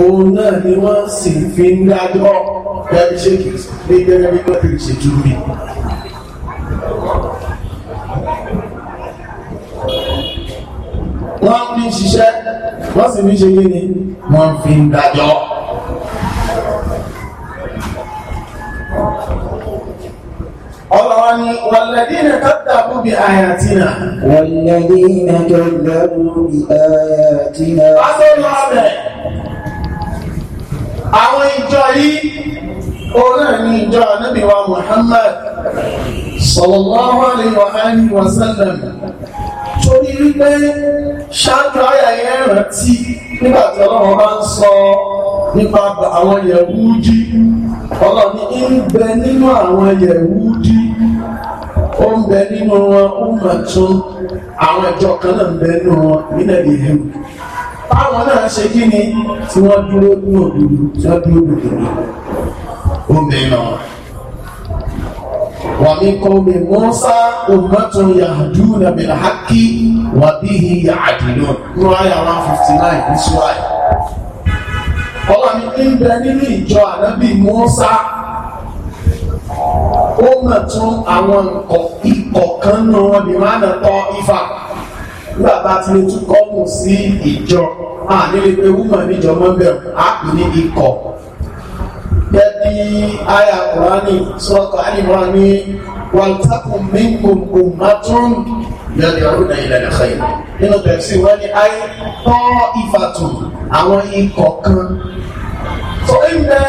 òun náà ni wọ́n sì fi ń dájọ́ gẹ́gẹ́ ṣe kì í gẹ́gẹ́ bí wọ́n ti ṣe jù mí. wọ́n fi ń ṣiṣẹ́ wọ́n sì ní ṣe yé ni wọ́n fi ń dájọ́ ọlọ́wọ́ni wàlẹ́dínà kọ́dàbù bí ayatina wàlẹ́dínà kọ́dàbù bí ayatina lásọ́lọ́ rẹ̀ àwọn ìjọ yìí ọ̀nà ní ìjọ anábìwa Muhammad sallallahu alaihi wa alihi wa sallam ó ní wípé ṣáájú àyà yẹn rántí nígbà tí ọlọ́run bá ń sọ nípa àwọn yẹ̀wúdí ọlọ́run ní ń bẹ nínú àwọn yẹ̀wúdí ó ń bẹ nínú wọn ó mà tún àwọn ìjọ kan náà ń bẹ nínú wọn nílẹ̀ báwọn ومن قوم موسى أمة يهدون بالحق وبه يعدلون رواية 159 this why ọlọ́run ní bẹ nínú ìjọ ànábì mọ́sá ó mọ̀ tún àwọn ikọ̀ kan nù wọn ni wọn á nà tọ́ ifá nígbà tá a ti lè tún kọ́mù sí ìjọ àní lè pe wúmọ̀ níjọ mọ́bẹ̀ á pè ní ikọ̀ gẹ́gẹ́ àyà kùránì sọ́tọ̀ àyìnbọn ní wàlùtàkùn minkum ummatun lẹ́yìn ọdún náà ilẹ̀ ẹ̀kọ́ yìí nínú tẹ̀sí wọ́n ní ayé tọ́ ìfàtù àwọn ikọ̀ kan tó ń bẹ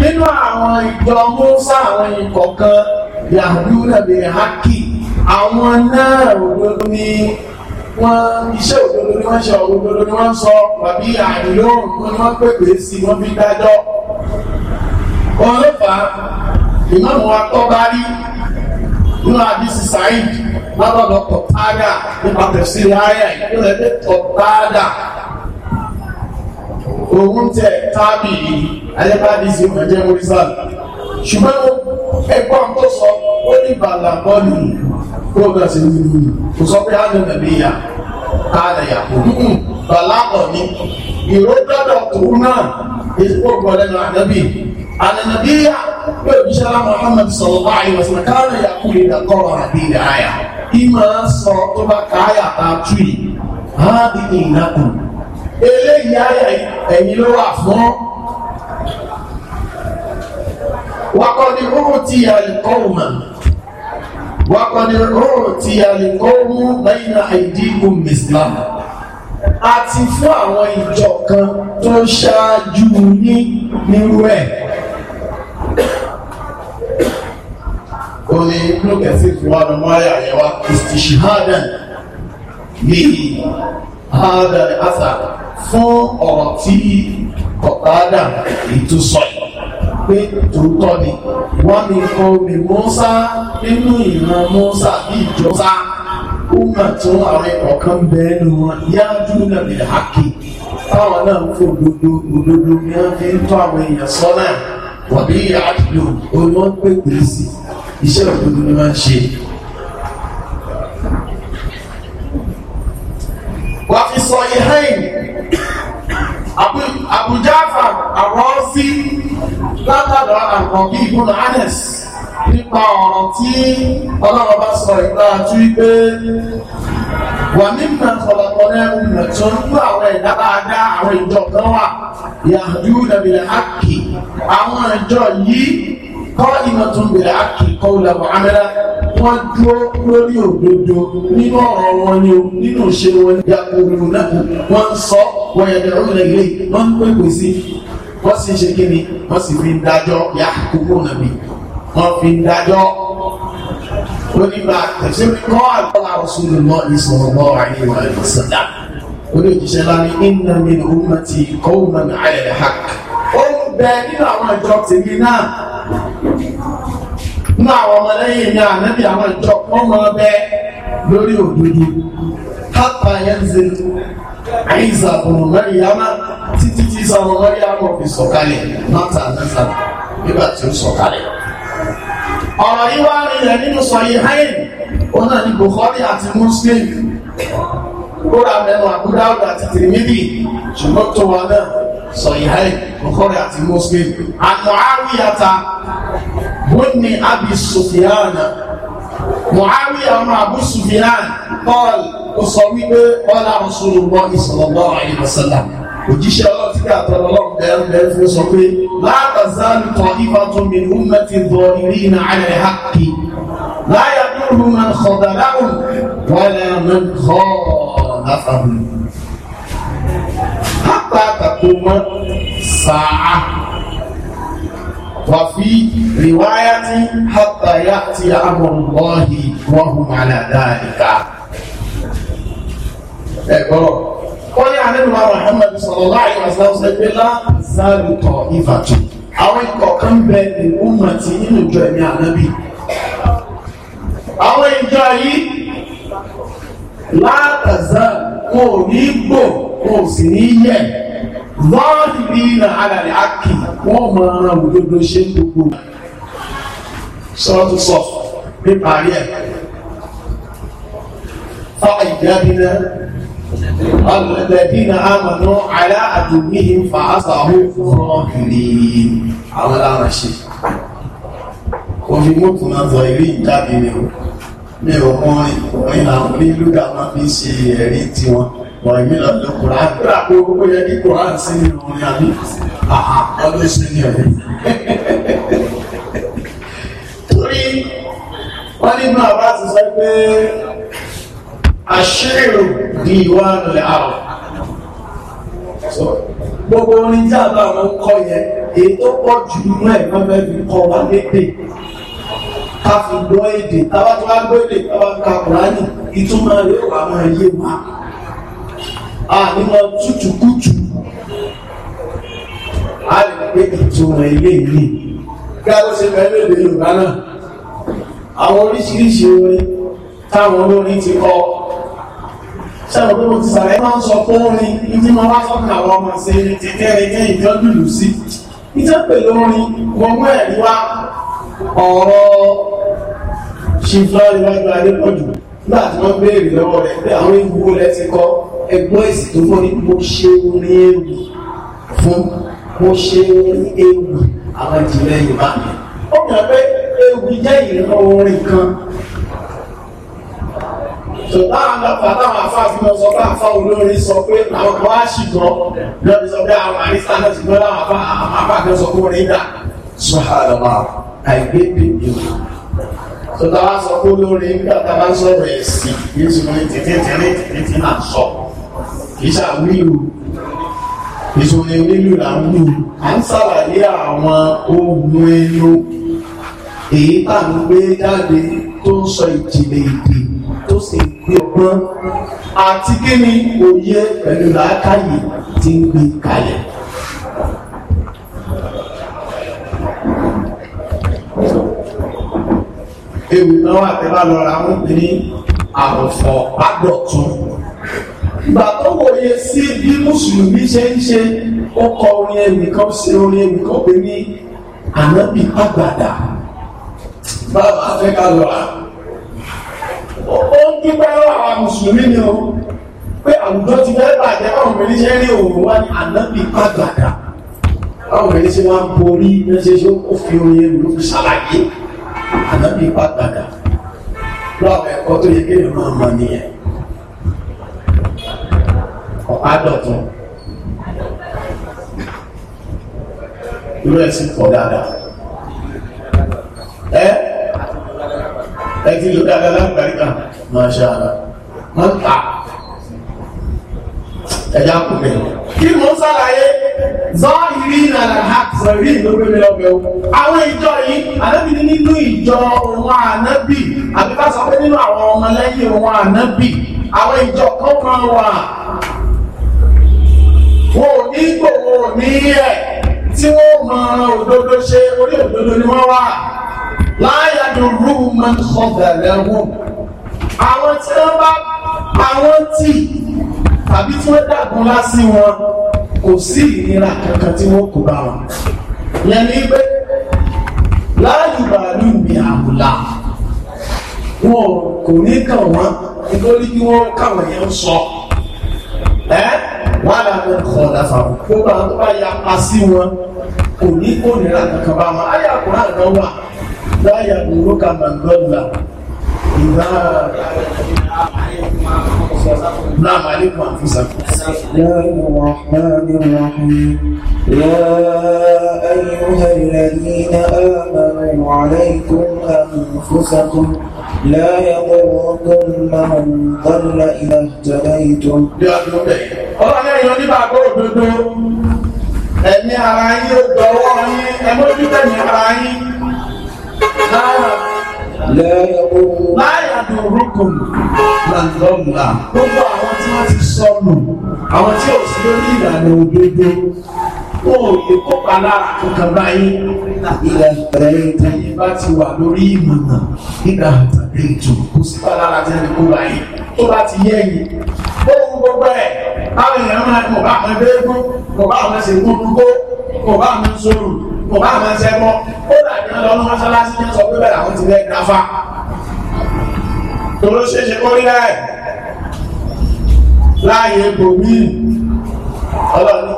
nínú àwọn ìjọ Mùsá àwọn ikọ̀ kan yahoo nàbí haki àwọn náà òdodo ní wọ́n iṣẹ́ òdodo ni wọ́n ṣe òdodo ni wọ́n sọ wàbí àìlóhùn ni wọ́n pèpè sí wọ́n fi dájọ́ wọn ló fà á ìmáàmù wa tọ́ bá rí nínú àdìsí sáyid lábàbọ̀ kọ̀tádà nípa tẹ̀síri ayà ìpínlẹ̀ ní kọ̀tádà òun tẹ̀ tábì ayébádìsí ìmọ̀jẹ́ mọ́rísàlù ṣùgbọ́n ẹgbọ́n tó sọ ó ní bàlá bọ́ọ̀lù progress ní ìlú kò sọ pé hàn nàbí ìyá káàdà yàgò bàlá kọ̀ ní ìró gbọ́dọ̀ tó náà ìsopọ̀ gbọ́dọ̀ nàbí أن النبي بشرى محمد صلى الله عليه وسلم كان يقول إذا قرأ هذه الآية إما صوتك آية تاتوي هذه لكم eléyìí ayà ẹ̀yìn ló wà fún wakọni oòrùn ti àlìkọ́ọ̀mà wakọni oòrùn ti àlìkọ́ọ̀mù lẹ́yìn àìdíkù islam àti fún àwọn ìjọ kan tó ṣáájú ní nírú ẹ̀ ó ní lókẹ̀sí fi wá lọ́mọ ayé àyẹ̀wá istishahadan ní àádọ́ àṣà fún ọ̀rọ̀ tí ọ̀tàádà ìtúsọ̀ pé tòótọ́ ni wọ́n ní kan omi mọ́sá nínú ìran mọ́sá bí ìjọsá ọmọ tó àwọn ọ̀kan bẹ́ẹ̀ ni wọ́n yáájú nàbẹ̀rẹ̀ hákì táwọn náà ń fò òdodo òdodo ni wọ́n fi ń tọ́ àwọn èèyàn sọ́nà wàbí àdìlò òun wọn pè pè sí iṣẹ́ òdodo ni wọ́n ń ṣe. wà fi sọ ìhẹ́yìn àbújáfà àwọn sí látàdá àwọn bíi ibùdó anes nípa ọ̀rọ̀ tí ọlọ́run bá sọ ìgbà tí wípé wà mímọ kọlọkọ náà ń lọ tó ń gbọ́ àwọn ẹ̀dá dáadáa àwọn ìjọ kan wà yàjú nàbìlẹ̀ àkì àwọn ìjọ yìí kọ́ ìmọ̀tún bìlẹ̀ àkì kọ́ ìlànà amẹ́lá wọ́n dúró lórí òdodo nínú ọ̀rọ̀ wọn ni o nínú ìṣe wọn ni yàgòrò náà wọ́n ń sọ wọ́n yẹ̀dẹ̀ ọ̀rọ̀ ilé wọ́n ń pè pè sí wọ́n sì ń ṣe kíni wọ́n sì fi ń dájọ́ yàgòrò nàbì wọ́n fi ń dájọ́ onígbà tẹ̀síwì kọ́ àgbọ́lá ọ̀ṣunlù lọ ìṣòro àìníwà ìṣẹ̀dá oníjìṣẹ́ láni iná mi ní ọmọ ti kọ́ ọmọ mi àyẹ̀lẹ̀ ha ó ń bẹ nínú àwọn ìjọ tèmi náà nínú àwọn ọmọlẹ́yìn mi ànábì àwọn ìjọ wọ́n mọ bẹ lórí òdodo hápá yẹn ń ṣe àìsàn ọ̀nà mẹ́rìyàmá títí tí sọ̀rọ̀ mẹ́rìyàmá fi sọ̀kalẹ̀ látà nígbà tí ó sọ̀kalẹ̀ ọ̀rọ̀ yìí wá rinlẹ̀ nínú Sahihain òun náà ni Bukhari àti Muslim kóra mẹ́nu àbúdá ọ̀dà àti Tirmidhi ṣùgbọ́n tó wà náà Sahihain Bukhari àti Muslim àná àríyàta bóni Abi Sufyan Muawiya ọmọ Abu Sufyan paul ó sọ wípé ọlá Rasulullah sallallahu alaihi wasallam òjíṣẹ́ ọlọ́run tí ká tọ́lọ́ ọlọ́run bẹ́ẹ̀ bẹ́ẹ̀ fún sọ pé látàzánù kan ìfà tó mi ń mẹ́tì bọ̀ ìrí iná àlẹ́ hàkì láyà dúró máa ń kọ̀dà láwùn wọlé máa ń kọ́ láfàmù. hàtà àtàkùn mọ́ sàá wàfí rìwáyátì hàtà àmọ̀lọ́hì wọ́n hùwà àlàdáàlìkà. ẹ ó ní àdébùmá Muhammad sọlọ́lá àyíwáṣá ṣe pé láàzárùtọ̀ ìfàtù àwọn ikọ̀ kan bẹ ìwú màtí nínú ìjọ ẹ̀mí ànábì àwọn ìjọ yìí látàzá wọn ò ní gbò wọn ò sì ní yẹ lọ́ọ̀dì bí iná alàlẹ́ àkì wọ́n máa ń òdodo ṣe gbogbo sọ́ọ́tù sọ nípa rí ẹ̀ fáwọn ìjáde náà Alẹ́dẹ̀dínà àmànú àlá àdùnmíhì ń fa àṣàhó fúnrán kìrì àwọn lára ṣe. Kò fi mọ́tò náà sọ ìrí ìjáde ni ó. Mi ò mọ ìrìn àwọn onílúdà máa fi ṣe ẹ̀rí tiwọn. Wọ̀nyí mi lọ lọ kùrá. Kúrà pé owó yẹ kí kùrá sí nínú orin àbí. Àhà ọdún ṣe ni ọ̀rẹ́. Torí wọ́n nínú àbá ti sọ pé àṣírò diwanul arab gbogbo orin tí a bá wọn kọ yẹn èyí tó pọ̀ jù nínú ẹ̀ wọ́n fẹ́ fi kọ́ wa lédè ká fi gbọ́ èdè táwa tó wá gbọ́ èdè táwa ka kùránì ìtumọ̀ rẹ̀ wà máa yé wa a ní lọ tútù kùtù a lè pé ìtumọ̀ ilé yìí kí a ṣe fẹ́ lédè Yorùbá náà àwọn oríṣiríṣi orin táwọn olórin ti kọ sẹ́wọ̀n pé mo ti sàrẹ́ máa ń sọ pé orin ìdí máa wá sọ́kàn àwọn ọmọ ṣe ní ti kẹ́rẹ́kẹ́ ìjọ́jú lù sí ìjẹ́ pẹ̀lú orin gbogbo ẹ̀rí wá ọ̀rọ̀ ṣìfúláwì wájú adépọ̀jù nígbà tí wọ́n béèrè lọ́wọ́ rẹ̀ pé àwọn ìwúwo rẹ̀ ti kọ́ ẹgbọ́n èsì tó fọ́ ní mo ṣe orin ewu fún mo ṣe orin ewu àwọn ìjìnlẹ̀ Yorùbá mi ó mọ̀ pé ewu jẹ́ ìran orin kan tó láàlọ́ pàtàwọn afáàfin lọ sọ pé afá olórin sọ pé àwọn kan wá sì gan lọ́dún sọ pé àwọn àrísà náà sì gbọ́dọ̀ àwọn afá kan sọ pé orin dà sọ́hàlọ́mà àìgbé bèbè tó tàwa sọ pé olórin nígbà tá a bá ń sọ̀rọ̀ ẹ̀sìn yìí sì wọ́n tètè tẹ́lẹ̀ tètè tí náà sọ kì í ṣàwílù ìṣòro onílù là ń lù à ń ṣàlàyé àwọn ohun ẹnu èyí tá à ń gbé jáde tó ń sọ ìjìnlẹ̀ èdè tó ṣe gbé ọgbọ́n àti kí ni òye pẹ̀lú làákàyè ti ń gbé kalẹ̀. ewu náà wà tẹ́ bá lọ ra àwọn obìnrin àròfọ̀ àdọ̀tún ìgbà tó wòye sí bí mùsùlùmí ṣe ń ṣe ó kọ orin ẹnìkan ṣe orin ẹnìkan pé ní ànábì àgbàdà báwo afẹ́ ká lọ ó ń dúpẹ́ lọ́wọ́ àwọn mùsùlùmí ni o pé àwùjọ ti fẹ́ bàjẹ́ báwọn obìnrin ṣe ń rí òun wá ní ànábì pàgàdà báwọn obìnrin ṣe wá ń borí mẹ́sẹ̀ ṣe ó fi orin ẹ̀rù ló fi ṣàlàyé ànábì pàgàdà lọ́wọ́ ẹ̀kọ́ tó yẹ kéèyàn máa mọ̀ nìyẹn ọ̀pá dọ̀tún irú ẹ̀ sì pọ̀ dáadáa ẹ́ ẹ ti lò dáadáa lágbàríkà máa ṣe ara wọ́n tà ẹ̀yà kùnmẹ̀. kí mo sàlàyé zọ́ọ̀hìrì nàrà àtìsọ̀rí ìlógbèmí ọgbẹ̀ o. àwọn ìjọ yìí ànábì ní nínú ìjọ òun ànábì àbí ká sọ pé nínú àwọn ọmọlẹ́yìn òun ànábì àwọn ìjọ kan kan wà wọn ò ní gbòòrò ní ẹ̀ tí wọ́n mọ òdodo ṣe orí òdodo ni wọ́n wà láyàdúró máa ń sọ bẹ̀rẹ̀ wò àwọn tí wọ́n bá àwọn tì tàbí tí wọ́n dàgún lásì wọn kò sí ìnira kankan tí wọ́n kò bá wọn yẹn ní pé láàyè bàálù mi àwùlà wọn kò ní kàn wọ́n nítorí kí wọ́n kàwọn yẹn sọ ẹ́ wọ́n á dàgbé kọ̀ọ̀dà fáwọn gbogbo àwọn tó bá yapa sí wọn kò ní kó nira kankan bá wọn ayé àkùrá àdánwò àná láyà dúró ka mà lọ́la ìgbà نعم عليكم أنفسكم يا الرحمن الرحيم يا أيها الذين آمنوا عليكم أنفسكم لا يضركم من ضل إذا اهتديتم ọ̀rọ̀ ẹ̀yọ́ nígbàgbọ́ òdodo ẹ̀mí ara yín ó dọ̀wọ́ yín ẹ̀mójútẹ̀mí ara yín lẹ́yìn ogun láyàdùn orúkùn làǹdọ́mùlà gbogbo àwọn tí wọ́n ti sọnù àwọn tí ò sí lórí ìlànà òdodo wọn ò lè kópa lára kankan báyìí ilẹ̀ ìrẹ̀lẹ̀ ìtẹ̀yẹ bá ti wà lórí ìmọ̀nà nígbà tàbí ètò kò sí pa lára tí wọ́n kó báyìí tó bá ti yẹ yìí gbogbo gbogbo ẹ̀ báwọn èèyàn máa ń bá àwọn ẹgbẹ́ eégún mọ̀ bá àwọn ẹsẹ̀ ìgbóngbó mọ̀ bá àwọn sọ̀rọ̀ kò bá àwọn ṣẹ́ mọ́ ó dàbí wọn lọ́nà mọ́ṣáláṣí yẹn sọ pé bẹ́ẹ̀ àwọn ti lẹ́ dáfà tòró ṣeéṣe kó rí rẹ̀ láàyè bòmí ọlọ́ni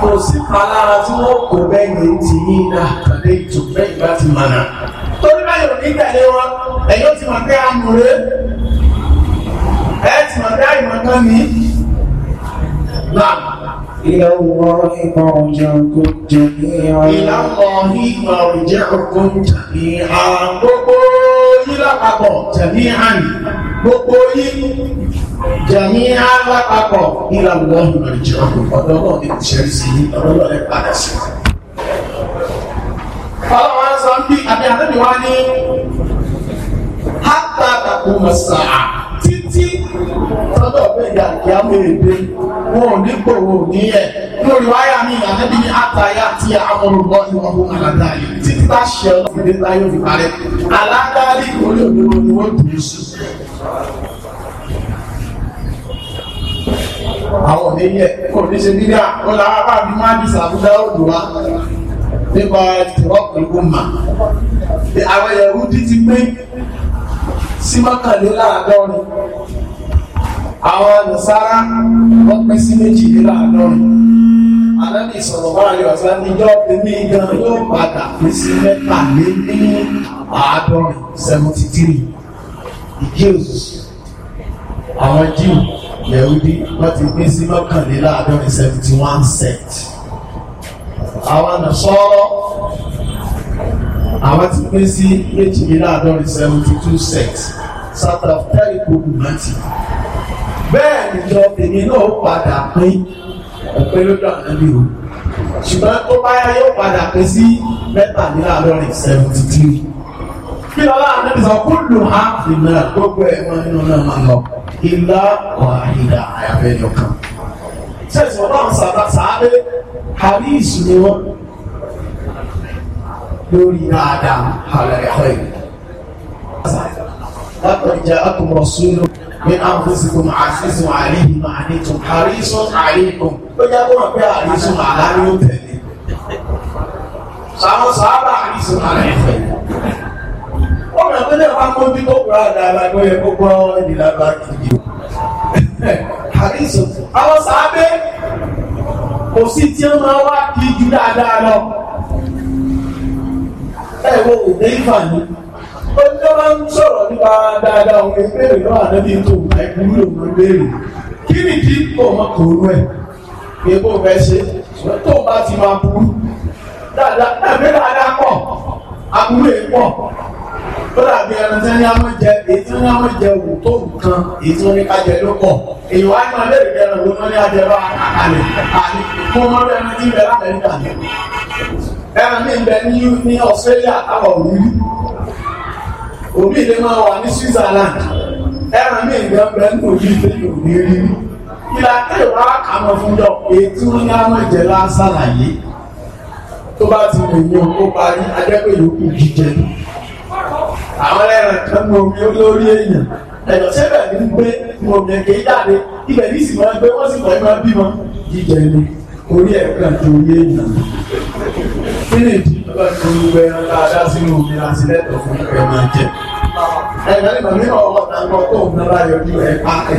kò sí palára tí wọ́n kò bẹ́yìn tì í náà kàdé ìtòkẹ́ ìgbà ti mọ̀nà torí báyìí ò ní tẹ̀lé wọn ẹ̀yìn ó ti mọ̀ pé amúre ẹ̀ ti mọ̀ pé àyìnbọn kan ní náà. إلى الله مرجعكم جميعا إلى الله مرجعكم جميعا gbogbo yín lápapọ̀ jẹ̀míhàn gbogbo yín jẹ̀míhàn lápapọ̀ إلى الله مرجعكم ọ̀dọ́ náà ni kò ṣe sí ọ̀dọ́ náà lè padà sí. fọlọ́wọ́ sọ ń bí àbí àtẹ́bí wá ní hátà tàkùn mọ̀sáà títí tọ́jọ́ pé ìyàkíá mèrèdè wọn ò ní gbòòrò níyẹ̀ lórí wáyà mi àtẹ́bí ní àtàyà tí amọ̀rùnbọ ìwọ̀nbó àlàdà yìí títí tá ṣe ọlọ́pìnrin táyọ̀ fi parẹ́ alágbárí orí òdòdó ni wọ́n dùn sí. àwọn oníyẹ kò ní ṣe nígbà wọn làwọn bá bí wọn á di sàbúdá òdò wa nípa ìtìrọ́pù ìgbìmọ̀ àwọn ẹ̀rú títí pé sí mọ́kànléláàádọ́rin àwọn nàṣàrà wọ́n pín sí méjìléláàádọ́rin ànábì sọ̀rọ̀ báyọ̀ ọ̀sán níjọ́ tèmi gan yóò padà pín sí mẹ́tàléláàádọ́rin seventy three jews àwọn jew yẹ̀wúdí wọ́n ti pín sí mọ́kànléláàádọ́rin seventy one set, àwọn nàṣọ́rọ́ àwọn ti pín sí méjìléláàádọ́rin seventy two sects south africa problematic bẹ́ẹ̀ níjọ èmi náà padà pín ọ̀pẹ́ lọ́dọ̀ ànábì o ṣùgbọ́n tó bá yá yóò padà pín sí mẹ́tàléláàádọ́rin seventy three kí lọ́la ànábì sọ kó lù ha ìnà gbogbo ẹ̀ máa nínú náà máa lọ ìlà wàhídà àyàfẹ́ yọkan ṣé ìṣòro náà sábà sáábẹ́ àbí ìṣúná wọn lórí dáadáa àlàyé لقد جاءكم رسول من أنفسكم عزيز عليه ما عنتم حريص عليكم ó jẹ́ kó hàn pé àrísùn àlá ni ó tẹ̀lé sàmọ́ sàábà àrísùn àlá ẹ̀fẹ̀. ó rẹ̀ pé náà bá mójú tó kúrò àdàbà tó yẹ kó gbọ́ ìdílé bá kìí. àrísùn àwọn sàábé kò sí tí máa wá kí ju dáadáa lọ ẹ wo òde ìfà ni ó ní wọn máa ń sọ̀rọ̀ nípa dáadáa òun ìbéèrè náà ànábì tó ẹgbẹ́ òun ló béèrè kí ni tí kò mọ kòrò ẹ̀ èbó fẹ́ ṣe tó bá ti máa burú dáadáa ẹ̀mí dáadáa pọ̀ aburú ẹ̀ pọ̀ ó dàbí ẹran tí wọn ní àwọn jẹ èyí tí wọn ní àwọn jẹ òwò tó nǹkan èyí tí wọn ní kájẹ ló pọ̀ èyí wàá ní ọlẹ́rì bí ẹran ló ní ọjọ́ bá àlè àlè kó wọn lọ ẹran tí ìbẹ̀rẹ̀ àlè ń dà ẹran ní ni ní Australia àwọn òwúrí omi ilé wà ní Switzerland ẹran ní ìgbẹ́ bẹ ní òbí ilé òbí rí ìlà kẹwàá àkàmọ̀ fún jọ tó bá ti lè yan parí adẹ́pẹ̀ yòókù jíjẹ àwọn ẹran kan ní omi olórí èèyàn ní gbé omi jáde kíni ìdí lọ́dọ̀ tó ń gbẹ ẹran dáadáa sínú omi láti lẹ́tọ̀ fún ẹ máa jẹ. ẹ̀ẹ́dẹ́gbẹ̀mí ọ̀rọ̀ ọ̀tà ń gbọ́ tó ń nára yọjú ẹ̀ pa ẹ̀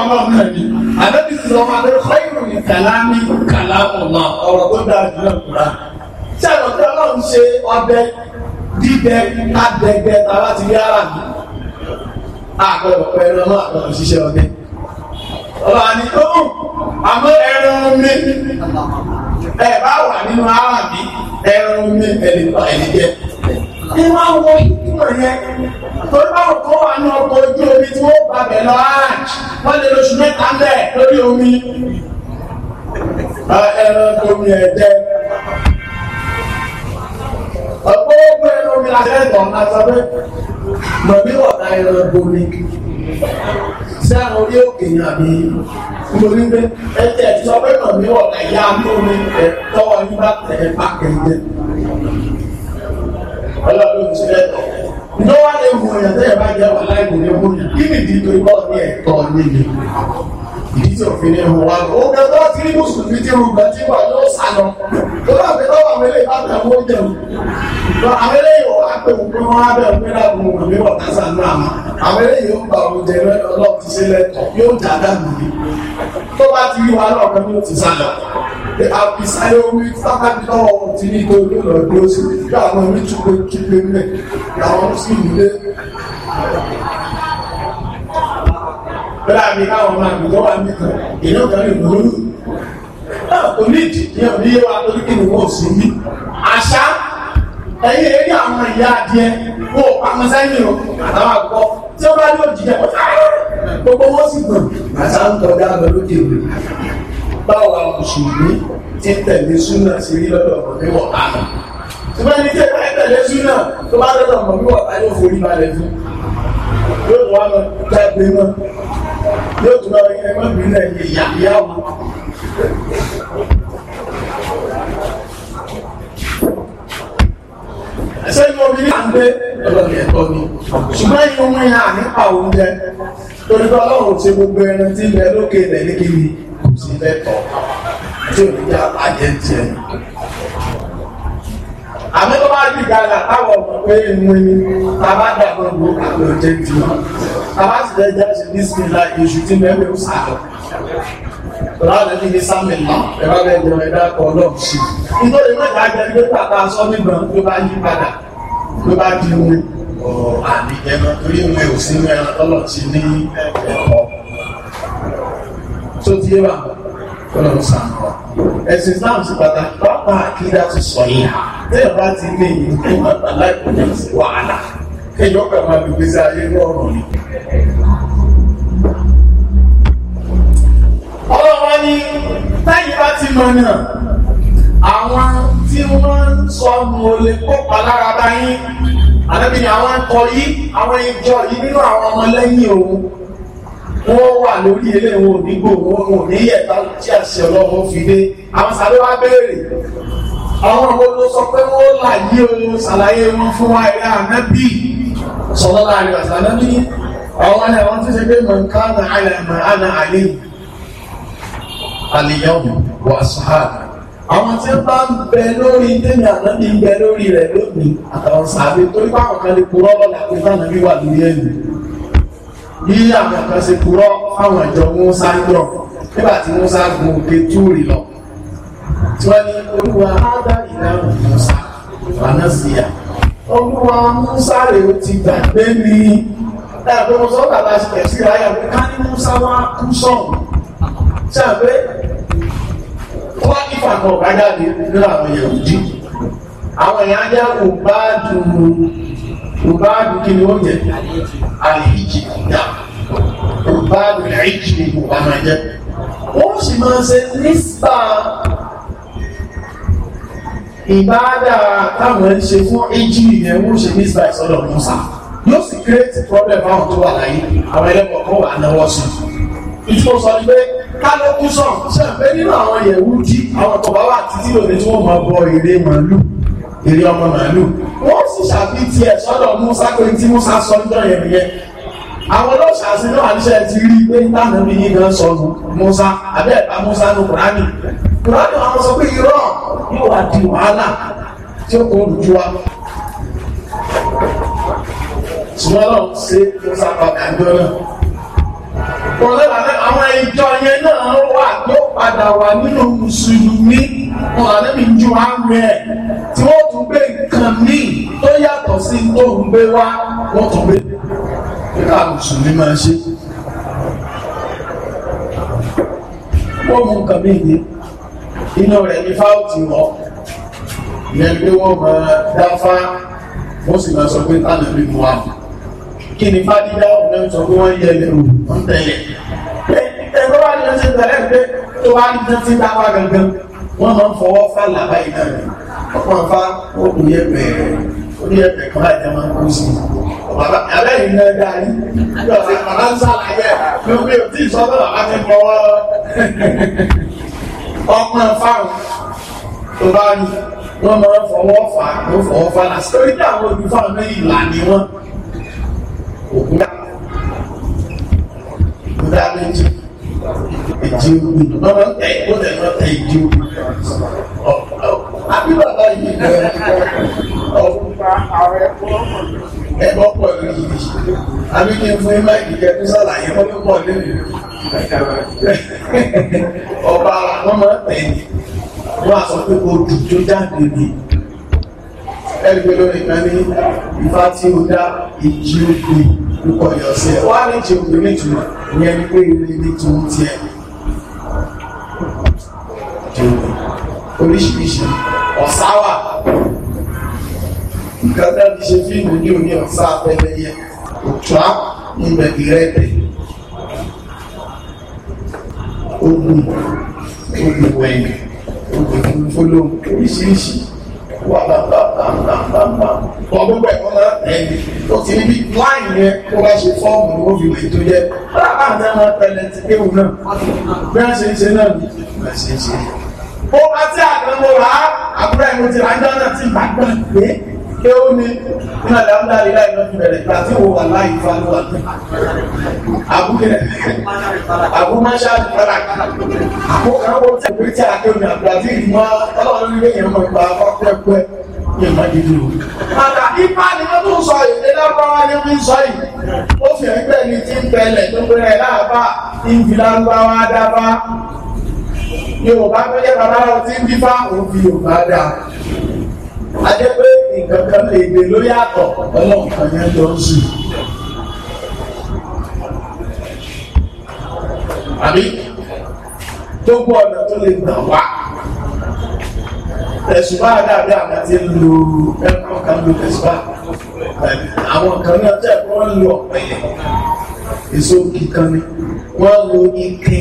ọlọ́run náà ni àbẹ́bí sì lọ́mọ abẹ́rẹ́ kọ́yìnrún ní kàlámì kàlámù náà ọ̀rọ̀ tó dáa jù náà kúrà. ṣé àlọ́ tí ọlọ́run ṣe ọbẹ̀ bíbẹ adẹgbẹ tàbá ti yára mi àgbọ̀dọ̀ pẹ̀lú ọlọ́run àgbọ̀dọ̀ ṣiṣẹ́ ọbẹ̀. ọ̀rọ̀ àní tó mú àmọ́ ẹran omi ẹ bá wà nínú ara mi ẹran omi ẹ̀lẹ́pàá ẹ̀lẹ́jẹ. ìwà wọ ìtumọ̀ yẹn torí báwọn kọ́ wà ní ọkọ̀ ojú omi tí wọ́n bá bẹ̀ lọ áàjì wọ́n lè lóṣù mẹ́ta ń bẹ̀ lórí omi ẹran omi ẹ̀jẹ̀ ọ̀pọ̀ ogun ẹran omi la fẹ́ tọ̀ ọ́nà sọ pé mọ̀bí ọ̀tá ẹran omi sí àwọn orí òkè ní àbí nítorí pé ẹ̀jẹ̀ ti sọ pé mọ̀bí ọ̀tá ìyá mi omi ẹ̀ tọ́wọ́ yín bá tẹ̀ ẹ́ bá kẹ́ńdé ọlọ́run ti rẹ̀ tọ̀ lọ́wọ́ lè mú ọ̀yàn tẹ́yẹ̀ bá jẹ́ wà láì kò lè mú ọ̀yàn kí nìdí tó ikọ́ ní ẹ̀tọ́ nílé ìdí tí òfin ní ìhùwà ó gbẹ tó ti rí mùsùlùmí tí rúgbà tí wà yóò sá lọ tó bá fi lọ́wọ́ àwọn eléyìí bá bẹ̀ wọ́n ó jẹun lọ àwọn eléyìí wọ́n á pè wọ́n pé wọ́n á bẹ̀ wọ́n pé láàbù wọn mi wọ̀ tásà náà mà àwọn eléyìí ó gba oúnjẹ lọ́wọ́ ti ṣe lẹ́tọ̀ yóò jà dànù ni tó bá ti yí wa lọ́ọ̀kan yóò ti sá lọ àbísáyé omi sábàbíná ọ̀hún ti ní torí ọ̀rọ̀ dúró sí bí àwọn orí túpé túpé mẹ́ làwọn sì nílé. Bẹ́ẹ̀ ni káwọn máa gbé tó wà nìkan, èyí kan lè lóyún. Náà kò ní ìdíyàn ní yé wa lórí kí ni wọ́n sì ní. Àṣà ẹ̀yìn eré àwọn ìyá adìẹ wo pamọ́ sẹ́yìn o àtàwọn àgbọ̀ tí ó bá yóò jíjẹ pọ̀ gbogbo wọn sì gbọ̀n àṣà ń tọ́jú àgbẹ̀ lókè òwe báwa mùsùlùmí ti tẹ̀lé súnà sí rí lọ́dọ̀ ọ̀rọ̀ níwọ̀n àná ṣùgbọ́n ẹni tí ẹ̀ka tẹ̀lé súnà tó bá lọ́dọ̀ ọ̀rọ̀ níwọ̀n àná yóò forí balẹ̀ fún yóò wá lọ jáde mọ́ yóò tún lọ ilé mọ́bí náà yẹ ìyá ìyá wọn. sẹ́yìn obìnrin náà ń gbé ọlọ́run ẹ̀tọ́ ni ṣùgbọ́n ìyóhun yẹn à nípa òun jẹ torí pé ọlọ́run ti gbogbo ẹran tí ń bẹ lókè rẹ̀ ní kò sí lẹ́tọ̀ọ́ tí ò ní jẹ́ àbàjẹ́ tiẹ̀. àmì tó bá di gàdà táwọn ọmọ pé ìmú ni bàbá dàgbà ló àgbẹ̀ òjẹ́ jù lọ sì lẹ́ jẹ́ ṣe ní skin èṣù tí mẹ́rin ó sà lọ. Láàrín ní ní sámi náà, ẹ̀rọ bẹ́ẹ̀ jẹun ẹ̀dá kan náà ṣe. Nítorí náà ìdájọ́ ilé tàbá sọ nígbà tó bá yí padà, tó bá di omi àmì ẹran torí omi ò sínú tọ́lọ̀ ti ní ẹ̀kọ́ tó ti yé bá kọ́lọ̀ ń sàn wá. ẹ̀sìn Islam sì pàtàkì pápá àkídá ti sọ yìí hà bẹ́ẹ̀ bá ti ní ìlú ní màtà láìpẹ́ ní ọ̀sẹ̀ wàhálà kéèyàn kà máa fi ayé lọ́rùn ni. ọlọ́wọ́ ni táyì bá ti mọ náà àwọn tí wọ́n ń sọ mo lè kópa lára báyìí àdébìnrin àwọn ikọ̀ yìí àwọn ìjọ yìí nínú àwọn ọmọ òun wọ́n wà lórí ilé wọn ò ní gbòòrò wọn ò ní yẹ̀ta tí àṣẹ ọlọ́run fi dé àwọn sàlẹ̀ wá béèrè àwọn ọmọ ló sọ pé wọ́n là yí ohun ṣàlàyé wọn fún wa ẹ̀rẹ́ ànábì sọlọ́lá àríwàsá ànábì àwọn ẹ̀rẹ́ wọn ti ṣe pé mọ̀ nǹkan àná àìlàmọ̀ àná àlè àlèyànwó wà sàárà àwọn tí ń bá ń bẹ lórí tẹ́mi ànábì ń bẹ lórí rẹ̀ lónìí àtàwọn sàárè torí pé àwọn kan lè kúrọ́ lọ́la bí àwọn kan ṣe purọ́ fáwọn ìjọ Musa jọ nígbà tí Musa gun òkè túrì lọ tí wọ́n ní olúwa ádá ìdáhùn Musa fanasiya olúwa Musa rè ó ti gbàgbé mi ẹ̀rọ Musa ó bàbá ṣe tẹ̀sí ráyà pé ká ní Musa wá kú sọ̀rọ̀ ṣàgbé wọ́n ní fàkọ̀ọ̀bá jáde nínú àwọn èèyàn òjì àwọn èèyàn ajá kò bá dùn ún mùbáàdù kí ni ó jẹ àlèjì kùdà mùbáàdù àlèjì ni kùdà máa jẹ wọ́n sì máa ṣe nísbà ìbáàdà táwọn ń ṣe fún ìjì ìyẹn wọ́n ṣe nísbà ìsọ́dọ̀ mọ́sà yóò sì create problem àwọn tó wà láyé àwọn ẹlẹ́kọ̀ọ́ kan wà náwó sí ìtumọ̀ sọ ni pé kálọ́kùsọ̀ ṣe ń pẹ́ nínú àwọn yẹ̀wù jí àwọn tọ̀bá wà títí lòdì tí wọ́n máa bọ ìrè màálù èrè ọmọ màálù wọ́n sì ṣàfihàn ẹ̀ sọ́dọ̀ musa pé tí musa sọ níjọ́ yẹn nìyẹn àwọn ọlọ́ṣà sí náà àníṣe ti rí pé táwọn bí yín gan sọ musa abẹ́ ẹ̀ka musa ní kùránì kùránì àwọn sọ pé irọ́ yóò wá di wàhálà tí ó kó olùjú wa ṣùgbọ́n náà ṣe musa padà ń dọ́nà kọ́lẹ́wà náà àwọn ìjọ yẹn náà wà tó padà wà nínú mùsùlùmí wọn àdébí ń ju àárẹ̀ ẹ̀ tí wọ́n tún gbé nǹkan míì tó yàtọ̀ sí tó ń gbé wá wọ́n tún gbé kíkà mùsùlùmí máa ṣe. wọ́n mú nǹkan míì ní inú rẹ̀ ní fáwọ́tì wọ́ ìyẹn pé wọ́n máa dáfá wọ́n sì máa sọ pé tánà bí mu wà kí ni fádídá ọ̀nà sọ pé wọ́n yẹ lẹ́rù wọ́n tẹ̀lé. ẹ̀ẹ́dẹ́gbọ́n wa ni wọ́n ti bẹ̀rẹ̀ pé tó bá ń tẹ́tí dáwà gangan wọ́n máa ń fọwọ́ fà làbá iná rẹ̀ ọ̀pọ̀ nfa òkú yẹpẹ̀ orí ẹ̀pẹ̀ kan láti máa ń kú sí wọ́n máa ń fọwọ́ fà ló fọwọ́ fà làsí torí tí àwọn olùfà náà ìlà ni wọ́n òkú dá méjì ẹ̀jẹ̀ ogun lọ́wọ́ ẹ̀ ó lẹ̀ lọ́ tẹ ẹ̀jẹ̀ ogun. Àbí bàbá yìí lọ ọ̀pá ààrẹ ẹ̀bọ̀ pọ̀ lórí yìí. Àbí kí n fún yín máìkì kẹ́ tó sàlàyé wọ́n pọ̀ lórí ọba wọn máa ń tẹ̀lé wọn á sọ pé odù tó jáde ni ẹgbẹ́ lórí kan ní ìfá tí ó dá ìjì ogun púpọ̀ yọ̀ sí ẹ̀ wọ́n á ní ìjì ogun nítumọ̀ ìyẹn ní pé ìrìn nítumọ̀ tiẹ̀ jẹ̀wọ̀ oríṣiríṣi ọ̀sáwà nǹkan náà ti ṣe fíìmù ní òní ọ̀sá abẹ́lẹ́yẹ òtúá ìgbẹ̀gìrẹ́tẹ̀ ogun ogun wẹ̀yìn ogun fúnfúnlò oríṣiríṣi wà bàbàbàbàbà ọdún ẹ̀kọ́ náà ẹ̀yìn ó ti níbi láì yẹn kó bá ṣe fọ́ọ̀mù ní òfin lè tó jẹ́ bá àtẹ́mọ̀ pẹ̀lẹ́ ti kéwù náà bí wọ́n ṣe ń ṣe náà ní ìfẹ́ ṣe ń ṣe ó bá tí àgbẹ̀mọ̀ rà á àbúrò ẹ̀ mo ti rà ńjọ́ náà ti bá gbà pé ké ó ní iná ìlà ńlá ìlà ìlú ti bẹ̀rẹ̀ ìgbà tí wò wà láì fa ló wà ní. àbúkẹ́ àbúmáṣá ìfọ́nà àbó kan ó tẹ̀ pé tí a ké mi àgbà tí ìmọ̀ ọlọ́run ní èèyàn mọ̀ ìgbà fọ́pẹ́pẹ́ ìmọ̀ dídú. Bàtà ipá ni wọ́n tún sọ yìí, ilé lọ́gbọ́n ni wọ́n sọ yìí. Ó fi ẹgbẹ́ mi ti ń bẹ̀lẹ̀ tó gbẹ̀rẹ̀ láàbà, ìfìlà ń yorùbá tó jẹ́ bàbá wọn ti ń dífá òun fi yorùbá dáa a jẹ́ pé nǹkan kan lè dé lórí àtọ̀ ọlọ́run kan yẹn jọ ń sùn. àbí tó gbọ́ ọ̀nà tó lè gbà wá tẹ̀sùbá dàbí àwọn tí ń lo ẹ̀kọ́ kan lo tẹ̀sùbá àwọn kan náà tẹ̀ wọ́n lo ọ̀pẹ̀yẹ èso kìkan ni wọ́n lo ike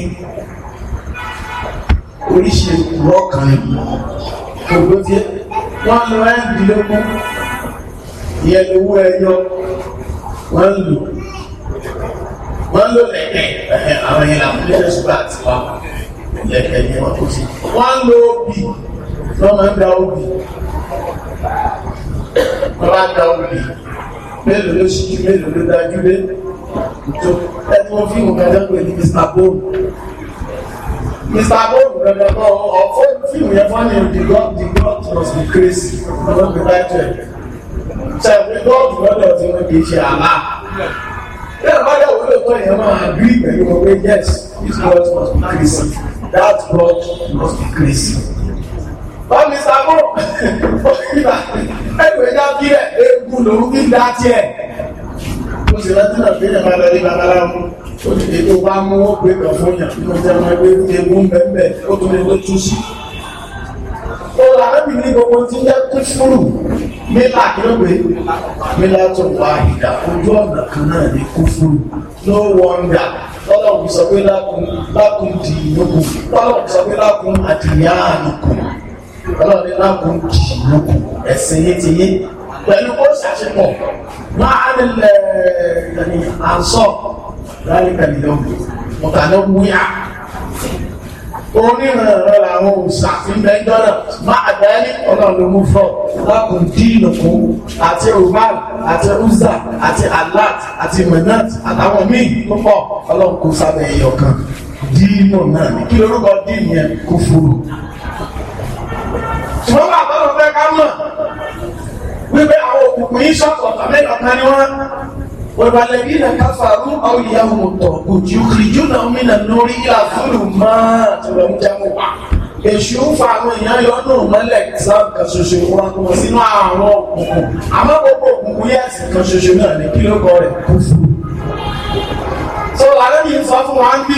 oríṣi ìkúrọ̀ kan gbogbo tí wọ́n lọ ẹ́ndínlógún ìyẹn lówó ẹyọ wọ́n lò wọ́n lò lẹ́kẹ̀ àwọn yẹn làwọn ilé ṣùgbọ́n àti wa lẹ́kẹ̀ ni wọ́n tó sí wọ́n lò obì wọ́n máa ń da obì wọ́n máa ń da obì mélòó ló ṣíjú mélòó ló dájú lé ètò ẹ̀tún fíìmù kájọ́ pé ní Mr. Bone. Mr. Bolu remember lọ film. fíìmù yẹn the God the God must be crazy no be right way. Ṣé the God lọ́dọ̀ tí wọ́n kì í ṣe àlá? Bí ẹ̀ bá yẹ wọlé tó yẹn máa agree pẹ̀lú wọn pé yes this God must be crazy that God must be crazy. But Mr. Bolu ẹgbẹ̀rún yá bí ẹ̀ egun lòún kí dá tiẹ̀ ti rántí náà fẹ́yìn máa lọ rí babaláwo ó ti dé tó bá mú ó pé kàn fún yàn nínú tí a máa gbé egun bẹ́ẹ̀ ó tún lè tó tú sí. Olú àbẹ́bí ní gbogbo tí ń jẹ́ kú fúrù mílà kílógbé mílà tó wà ìdá ojú ọ̀nà kan náà ní kú fúrù no wonder tọ́lọ̀kùn sọ pé lákùn dì lókun tọ́lọ̀kùn sọ pé lákùn àdìyàn àlùkùn tọ́lọ̀kùn dì lókun ẹ̀sìn yé ti yé pẹ̀lú ó ṣàṣepọ̀ máa nílẹ̀ ìtẹ̀lẹ̀ àǹsọ̀ láyé pẹ̀lú lọ́wọ́ mọ̀tàlẹ́ wúyà onírànràn làwọn òṣàfihàn ẹjọ́ náà máa dání ọlọ́ọ̀lọ́mú fọ́ lákùn dínàkú àti roman àti uza àti alat àti menat àtàwọn míì púpọ̀ ọlọ́run kò sábẹ́ ẹ̀yọ̀ kan dínà náà kí lórúkọ dín yẹn kò fúru. ṣùgbọ́n bàbá mi fẹ́ ká mọ̀ wípé àwọn òkùnkùn yìí sọ̀tọ̀ tàbí ọ̀kan ni wọ́n wẹ̀bàlẹ̀bí na káfàrú àwọn ìyàwó tọ̀ òjì ìjú náà mìnà lórí àfúrù máa tọrọ ń jẹun pa èṣù ń fa àwọn èèyàn yọnù mọ́lẹ̀ sáàkà ṣoṣo wọn kò sínú àwọn òkùnkùn àmọ́ gbogbo òkùnkùn yẹ ẹ̀sìn kan ṣoṣo náà ní kí ló kọ rẹ̀ kú fún so àlẹ́ mi ń sọ fún wa ń bí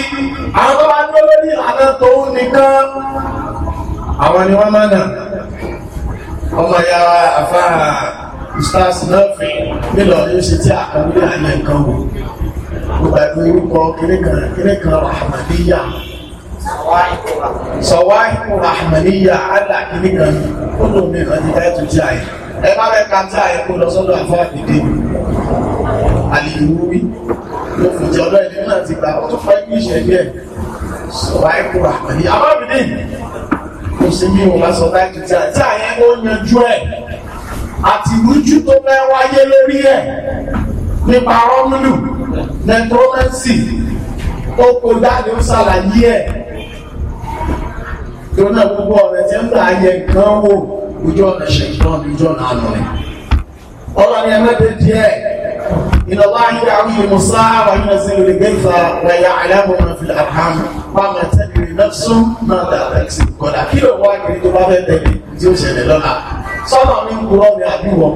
àwọn tó bá dúró lórí àná tó nìkan àwọn ni wọ́n máa nà ọmọ ya àfáà stars lọ́fìn nílọ̀ yóò ṣe tí àkàwé àyẹ̀ kan wò gbogbo ẹgbẹ́ orúkọ kìnìkan kìnìkan rahmaniya sọ̀wáìkù rahmaniya ala kìnìkan ó lò kan. ìrànlẹ́ ẹ̀tù tí àyẹ̀ ẹ má rẹ̀ ká tí àyẹ̀ kó lọ sọ́dọ̀ àfáà dìde àlìyúwí ló fi jẹ́ ọlọ́ ìdí náà ti gbà ó tún fẹ́ kí ìṣẹ̀lẹ̀ sọ̀wáìkù rahmaniya amábìdí kò sí bí wọn bá sọ táìtù tí a tí a yẹn ó yanjú ẹ àtìrújú tó fẹ́ wáyé lórí ẹ nípa rọ́mùlù nẹtrọ́mẹ́sì ó kó jáde ó ṣàlàyé ẹ tó náà gbogbo ọ̀rẹ́ tí ń gbà yẹ gan wò ojú ọ̀nà ṣèkìtàn ojú ọ̀nà àlọ́ rẹ̀ ọlọ́ni ẹ̀mẹ́tẹ̀ díẹ̀. إلى الله يدعوه المصاع وينزل الغيث ويعلم ما في الأرحام وما تدري نفس ماذا تكسب غدا kí ló wá kiri tó bá fẹ́ tẹ̀lé tí ó ṣẹlẹ̀ lọ́la sọ́nà mi ń kúrọ́ mi àbí wọ́n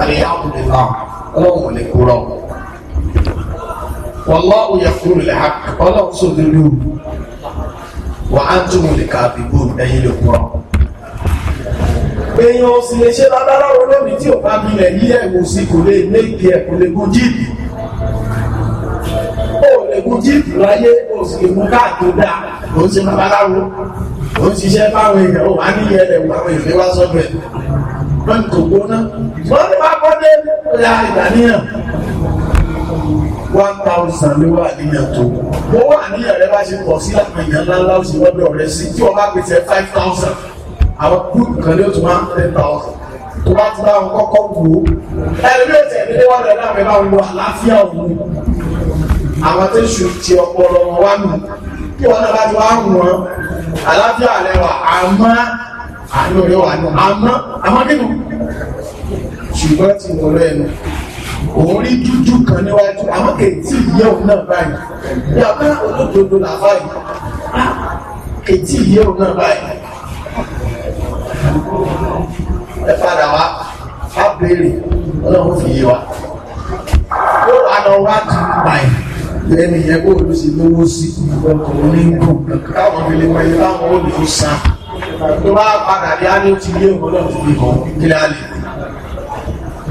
àlè àbúlé náà ọlọ́run ò lè kúrọ́ wallahu yaqulu al-haqq ọlọ́run sọ̀dọ̀ lóru wà á tún lè ká àbí bò ẹ̀yìn lè kúrọ́ èèyàn ò sì lè ṣe lágbáráwo lónìí tí ò bá bilẹ̀ yíyẹ ìwò kò lè méjì ẹ̀ kò lè gun jíìpì ó lè gun jíìpì láyé ó sì lè gun káàkiri dà ó ṣe lágbáráwo ó ń ṣiṣẹ́ fáwọn èèyàn ó wà níyẹ rẹ̀ wọ àwọn ìfẹ́ wá sọ́dọ̀ ẹ̀ wọ́n kò gbóná wọ́n ti bá gbọ́dé la ìdàníyàn one thousand ló wà níyàn tó owó àníyàn rẹ bá ṣe pọ̀ sí àwọn èèyàn ńláńlá ó sì wọ́dọ̀ rẹ sí tí wọ́n bá pèsè five thousand àwọn group kan ní o tún máa ń tẹ̀ tọ́ tó bá ti bá wọn kọ́kọ́ wò ó ẹlẹ́tẹ̀ nílé wọn rẹ̀ láwọn ẹ̀bá wọ àlàáfíà òun àwọn tó ṣù ti ọpọlọ wọn wá nù kí wọn náà bá ti wá nù wọn àlàáfíà rẹ̀ wà àmọ́ àánú rẹ̀ wà nù àmọ́ àmọ́ nínú ṣùgbọ́n ti wọ̀ lọ ẹnu òun rí dúdú kan níwájú àmọ́ kèétí ìyẹ́ òun náà báyìí yàtọ̀ olódodo làbáyìí ah, kèétí ìyẹ́ òun náà báyìí ẹ padà wá á béèrè ọlọ́run fi yé wa ó wà lọ wá ti báyìí lẹ́nu yẹn kó olú sí lówó sí ọkùnrin onígbò káwọn fi lè wáyé láwọn olùkú san tó bá padà dé á ní ó ti yé òun fi hàn kílẹ̀ àlè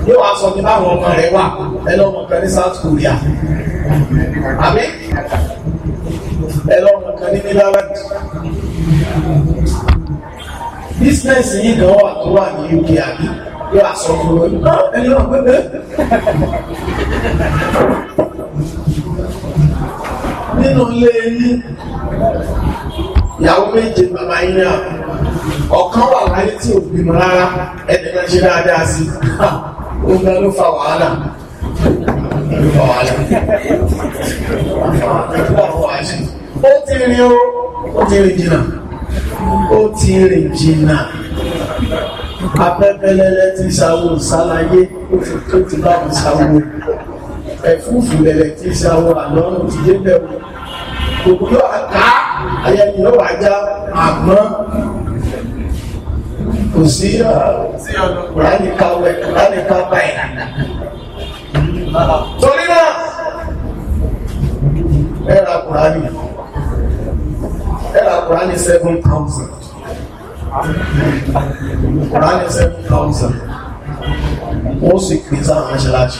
yóò wá sọ ní báwọn ọmọ rẹ wà ẹlọ́mọ kan ní South Korea àbí ẹlọ́mọ kan ní Netherlands business yìí gan wà tó wà ní UK àbí yóò àsọ fún wọn ẹni náà pépé. nínú ilé yín ìyàwó méje bàbá yín náà ọ̀kan wà láyé tí ò bímọ rárá ẹni náà ṣe dáadáa sí i ó ló fa wàhálà ó ti o ó ti jìnnà. ó ti rìn jìnnà abẹ́bẹ́lẹ́lẹ́ ti sáwó sálayé ó ti bá wọn sáwó ẹ̀fúùfù lẹ̀lẹ̀ ti sáwó àlọ́run ti dé bẹ̀rù gbogbo yóò àká ayẹyẹ yóò wá já àgbọ́n kò sí uh, ránìkàwẹ̀ ránìkàwẹ̀ torí náà ẹ̀rà kùránì ẹ̀rà Quran ní seven thousand Quran ní seven thousand wọ́n sì pè sáà mọ́ṣáláṣí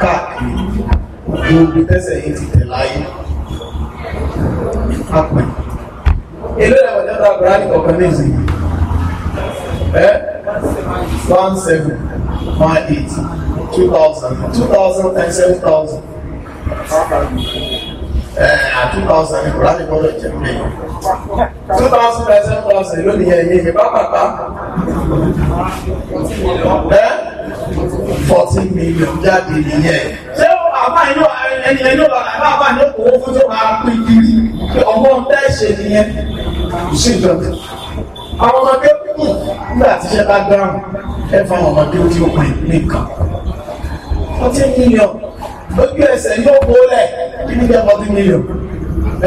káàkiri gbogbo tẹ́sẹ̀ yìí ti tẹ̀ láyé apẹ̀ ilé ẹ̀wọ̀n ní ọ̀dà Quran ní ọ̀kan ní ìsìn ẹ̀ one seven one eight two thousand two thousand and seven thousand. 2000 kùránì gbọ́dọ̀ jẹ́ pé 2000 percent plus lónìí ẹ̀yẹ ìbá bàbá ẹ́ 14 million jáde nìyẹn ṣé àbá inú ẹni ẹni ó bàbá àbá ní òkòwò fún tó máa pín kiri ọmọ ọ̀tẹ́ ṣe nìyẹn kò sí ìjọba àwọn ọmọdé kù nígbà tí iṣẹ́ bá dáhùn ẹ fáwọn ọmọdé tí ó 14 million lójú ẹsẹ̀ yóò kó lẹ̀ kí ní jẹ́ forty million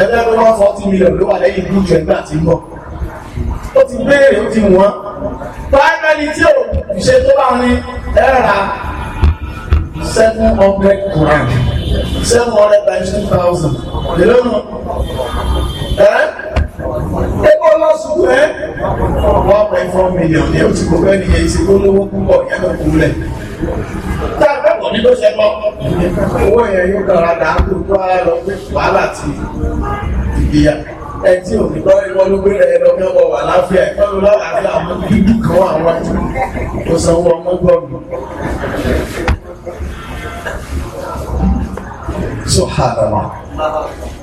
ẹgbẹ́ ló wọ́n forty million ló wà lẹ́yìn ìlú ìjọ ẹgbẹ́ àti ìbọ̀ ó ti béèrè ó ti wọ́n primary tí ò ṣe tó bá ní ẹ̀rà seven hundred grand seven hundred times two thousand lélọ́nà ẹ̀ ebo lọ sùkú ẹ one point four million ní o ti kò fẹ́ nìyẹn ìsìnkú olówó púpọ̀ yẹn lọ́kùnrin rẹ̀ òní ló ṣẹbọ. owó yẹn yóò kọra dà á tó tó ara lọ pé wàhálà ti ìgbéyà ẹ tí ò ní lọ́wọ́ ìwọ́n ló gbé rẹ̀ lọ mẹ́wọ́ wà láfíà ìtọ́lù lọ́wọ́ àti àwọn bíbí kan àwọn tó sanwó ọmọ gbọ́ọ̀mù. so hàrà wà.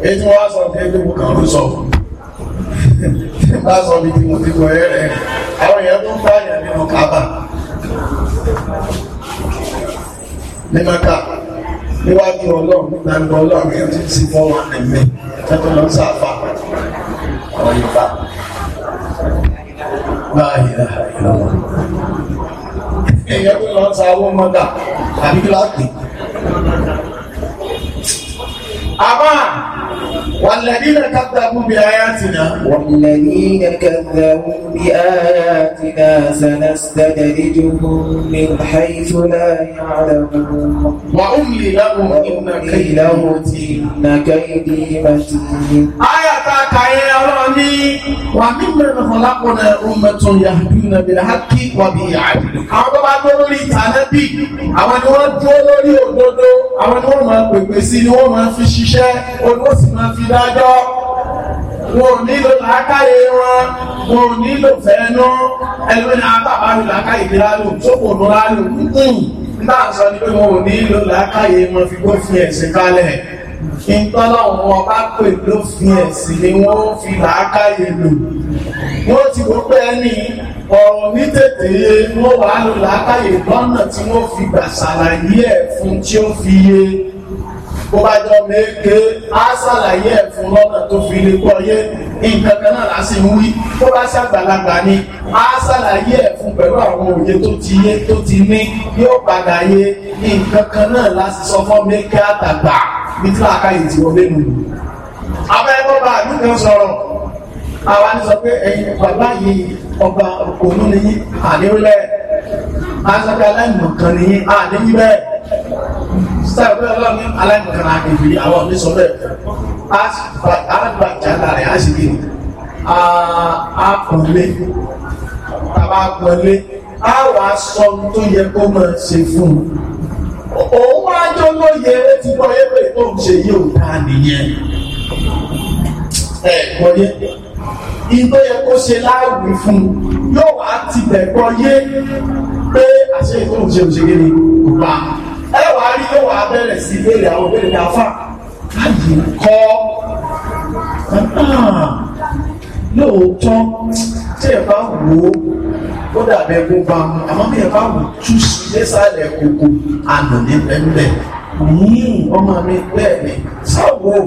ètò wa sọ pé ebi mo kàn ló sọ bá sọ bí tí mo ti kọ ẹ rẹ àwọn èèyàn tó ń bá yàn nínú kábà ní maka níwájú ọlọ́run nígbà ń bọ ọlọ́run yẹn ti ti fọ́ wọn ẹ̀mí tẹ́tọ́ lọ sí àfa àwọn yorùbá báyìí èèyàn tó lọ sa owó mọ́tà àbí kíláàkì. àbá والذين كذبوا بآياتنا والذين كذبوا بآياتنا سنستدرجهم من حيث لا يعلمون وأملي لهم إن كيدي متين آية كايرا ní wà mí mẹ́rin fọlápọ̀ náà ọmọ tó ń yàgbé nàbẹ̀rẹ̀ hákì wà bí yàgbé. àwọn tó bá dúró lórí ìtànà bí àwọn ni wọ́n dúró lórí òdodo àwọn ni wọ́n máa pèpè sí ni wọ́n máa fi ṣiṣẹ́ olówó sì máa fi dájọ́ wọn ò nílò làákàyè wọn wọn ò nílò fẹ́ẹ́nú ẹlòmínú àbábáwí làákàyè bí lálò tó kò nù lálò ń tàn sọ ni pé wọn ò nílò làákàyè wọn fi gbófin ẹ̀sìn kalẹ̀ ìtọ́lọ́run ọba pè lófin ẹ̀sìn ni wọ́n ń fi làákàyè lò wọ́n ti wọ́n pé ẹni ọ̀rọ̀ ní tètè yé wọ́n wàá lò làákàyè lọ́nà tí wọ́n fi gbà ṣàlàyé ẹ̀ fún tí ó fi yé bó bá jọ méke á ṣàlàyé ẹ̀ fún lọ́nà tó fi lè gbọ́ yé nǹkan kan náà láti ń wí bó bá ṣàgbàlagbà ni á ṣàlàyé ẹ̀ fún pẹ̀lú àwọn òye tó ti yé tó ti ní yóò padà yé nǹkan kan náà láti sọ fún méke àtàgbà bí tí làákàyè ti wọlé mu. àwọn ẹgbẹ́ bá a kan sọ̀rọ̀ àwa ni sọ pé ẹ̀yin bàbá yìí ọba òkòlù ni yín àdéhùn lẹ̀ àṣàkálẹ̀ ìmọ̀ kan ni yín àdéhùn bẹ́ẹ̀ sáà pé ọlọ́run ní aláìmọ̀kànlá ìfìrí àwọn mi sọ bẹ́ẹ̀ alágbà jàǹdà rẹ̀ á sì kí ni a pọ̀nlé tàbá pọ̀nlé a wà sọ tó yẹ kó máa ṣe fún un òun wá jọ lóye létí gbọ́ yé pé tó ń ṣe yóò dá nìyẹn ẹ̀ gbọ́ yé ìgbé yẹ kó ṣe láàwì fún yóò wá ti bẹ̀ gbọ́ yé pé àṣẹ ìtòhùn ṣe òṣèré kò bá a ẹ wà á rí yóò wà á bẹ̀rẹ̀ sí béèrè àwọn béèrè ní afá láyé kọ́ lóòótọ́ tí ẹ bá wò ó ó dàbí ẹkún bá mu àmọ́ bí ẹ bá wò tú sí lẹ́sàlẹ̀ kókó àná ní bẹ́ẹ̀ yìí ọmọ mi bẹ́ẹ̀ ni sáwọ́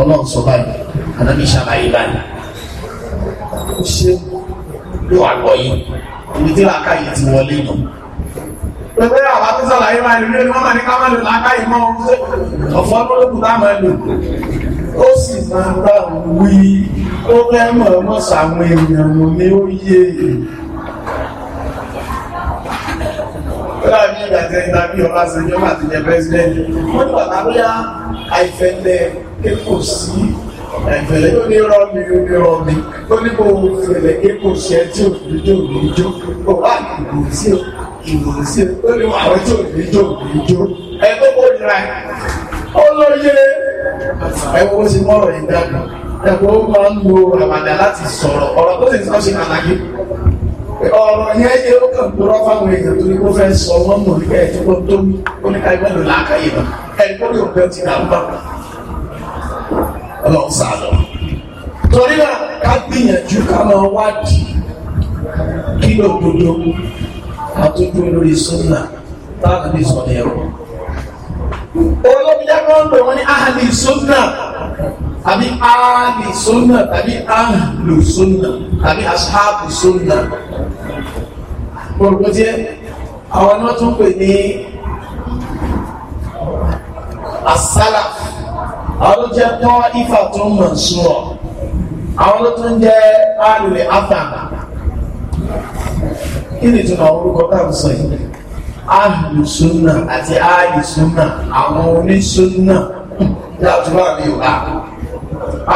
ọlọ́run sọ báyìí ànábì ṣàlàyé báyìí ó ṣe ló àgbọ̀ yìí ìdí tí ti wọlé náà. Ewé àwa tó sàlàyé máa lò ní wọ́n máa ní ká máa lò láká ìmọ̀ ọ̀fọ́ ló lókun tá máa lò. Ó sì máa bá wí ó fẹ́ mọ̀ ọmọ sàwọn èèyàn mọ̀ ní ó yé. Bọ́lá mi ìgbà tẹ ìtàbí Ọbásanjọ́ àti jẹ pẹ́sidẹ́ntì. Wọ́n ní bàtà bóyá àìfẹ́lẹ́ kò sí ẹ̀fẹ̀lẹ́ tó ní rọ́ọ̀mì ní rọ́ọ̀mì tó ní kò fẹ̀lẹ́ kò sí ẹ tí ò ní jó ní ìgbò sí ò jùlọ sí ó ní àwọn tí ò ní jó ní jó ẹ tó kó nira ẹ ó lóye ẹ wo sí mọ́rọ̀ yìí dàgbà ẹ̀kọ́ ó máa ń lo ràmàdà láti sọ̀rọ̀ ọ̀rọ̀ tó sì sọ́ọ́ ṣe pàtàkì ọ̀rọ̀ yẹn yẹ ó kàn tó rọ́ fáwọn èèyàn tó ní kó fẹ́ sọ wọ́n mọ̀ nípa ẹ̀jẹ̀ tó tó ní oníkà ìgbà ló làákàyè lọ ẹ̀kọ́ ní òpin ti dà ń bá ọlọ́run sàlọ̀ torí náà ká gbìyànjú ká lọ wádìí kí ló gbogbo àtúntò lórí sunna táàbù ní sọ̀rọ̀ ẹ̀rọ. olóbi dákọ́ ń pè wọ́n ní ahli sunna tàbí ahli sunna tàbí ahlu sunna tàbí ashabu sunna. olùkọ́ tiẹ̀ àwọn náà tún pè ní asálà àwọn ló jẹ́ tọ́ ifá tó ń mọ̀ sùn ọ̀ àwọn ló tún jẹ́ alùlẹ̀ afẹ́ kí ni ìtumọ̀ àwọn orúkọ táà ń sọ yìí áàlù súnà àti áàlì súnà àwọn onísúnà látúrà ní ọ̀la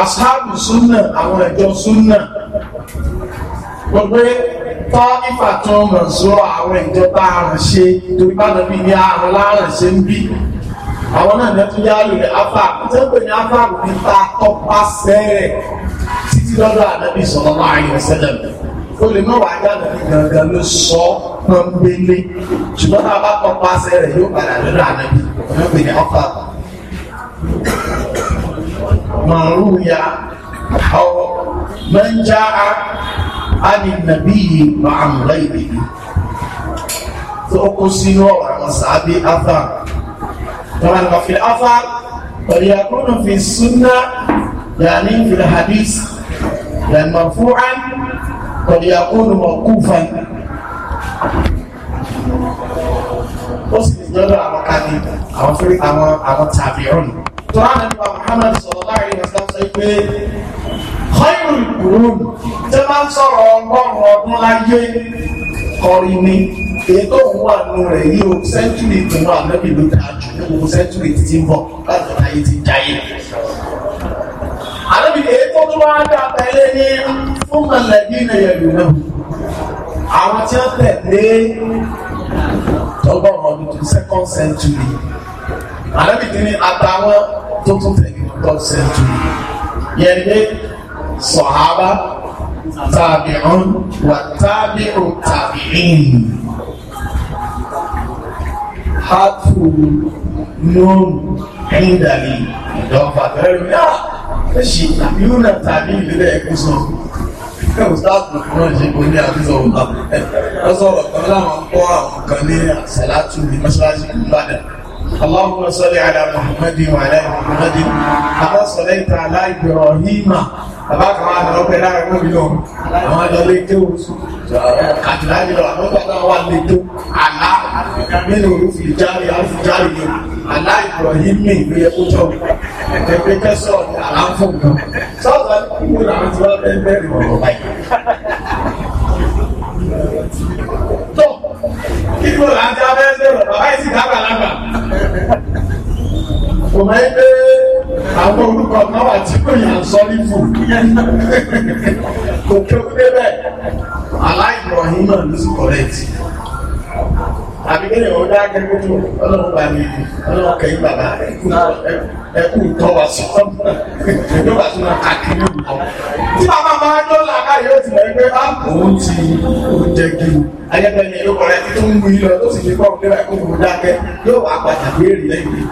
asáàlù súnà àwọn ẹ̀jọ́ súnà gbogbo tọ́ífà tó ń mọ̀ sọ àwọn ìjọba àrànṣe torí bá nàbí ní àrùn lárànṣe ń bí àwọn náà lẹ́tọ́ yá lórí afá tó ń pè ní afá kò ta tọ́pá sẹ́rẹ̀ títí lọ́dọ̀ ànábì sọ̀rọ̀ láàrin ẹ̀sẹ̀ lẹ́nu ó lè mọ́ wàá jáde ní gangan ló sọ pọ́nbélé ṣùgbọ́n tá a bá kọ́ pàṣẹ rẹ̀ yóò padà lọ́dọ̀ ànábì ọ̀nà pè ní ọ̀fà. màrú ya ọ̀ mẹ́njá á ní nàbí yìí máa mú láì bèbí. tó o kó sínú ọ̀rọ̀ àwọn sàábé afa tọ́lá nípa fi afa pẹ̀lú àkóónù fi súnná yàní fi hadith yàní màfúrán kọ̀dí àkóónù mọ̀ kú fan ó sì lè jọ́dọ̀ àwọn kàní àwọn fúrí àwọn àwọn tàbí ọ̀nà tó ránà nípa Muhammad sọ̀rọ̀ láàrin islam sọ pé khairul qurun tẹ́ máa ń sọ̀rọ̀ ọgọ́rùn-ún ọdún láyé kọrin ni ètò òun wà nù rẹ̀ yìí o sẹ́ńtúrì tó wà lẹ́bi ló dáa jù ní gbogbo sẹ́ńtúrì ti ń bọ̀ láti ọ̀nà yìí ti jáyé tó wá dà tẹ̀lé ní fún mọ̀lẹ́bí ní ẹ̀lú náà àwọn tí wọ́n tẹ̀lé tọgbọ́n ọdún tó second century àlẹ́bí ti ní àtàwọn tó tún tẹ̀lé third century yẹn ní sọ̀hábà tàbí'un wà tàbí'u tàbí'in hàtù nùn ìdàlì ìdọ́fà tẹ̀lé náà ẹ̀ṣin ìlúnà tàbí ìlúnà ẹ̀kúsọ ìwòsàkùn náà ṣe kò ní àbísọ̀ òun náà sọ̀rọ̀ kan láwọn kọ́ àwọn kan ní àṣàlátù ní mọ́ṣáláṣí ìbàdàn اللهم صل على محمد وعلى محمد كما صليت على ابراهيم bàbá kan wà lọ pẹ̀lú àwọn ẹgbẹ́ mi lọ àwọn àjọ lè tó kàtìlá yìí lọ àwọn bàbá wà lè tó àlá nínú òfin járe àfijáré ni àlá Ibrahim mi ló yẹ kó jọ ẹ̀jẹ̀ pé kẹsọ̀ ni àlá fún un sọ́ọ̀tà ní kúrò làwọn ti wá bẹ́ẹ̀ bẹ́ẹ̀ rẹ̀ ọ̀rọ̀ báyìí. tó kí làwọn ti wá bẹ́ẹ̀ bẹ́ẹ̀ rẹ̀ bàbá yìí sì dábàá lágbà kò máa ń àwọn orúkọ kan wà tí kò yàn sọ ní kò kéwú débẹ̀ aláìmọ̀ náà ló sì kọ̀rẹ́ẹ̀tì àbíkẹ́lẹ̀ wọn dá akẹ́kọ̀ọ́ ọlọ́run bá mi ọlọ́run kẹ́yìn bàbá ẹkú tọ́ wa sọ ẹjọ́ bá tún àkínú nǹkan. tí bàbá máa ń dọ́là káyọ̀ ó ti rẹ̀ pé á òun ti oúnjẹ gi ayẹyẹ yóò kọrẹ tí tó ń wí lọ tó sì fi kọ́ ọ̀gbẹ́rẹ́ kó wò dákẹ́ yóò wá padà béèrè lẹ́yìn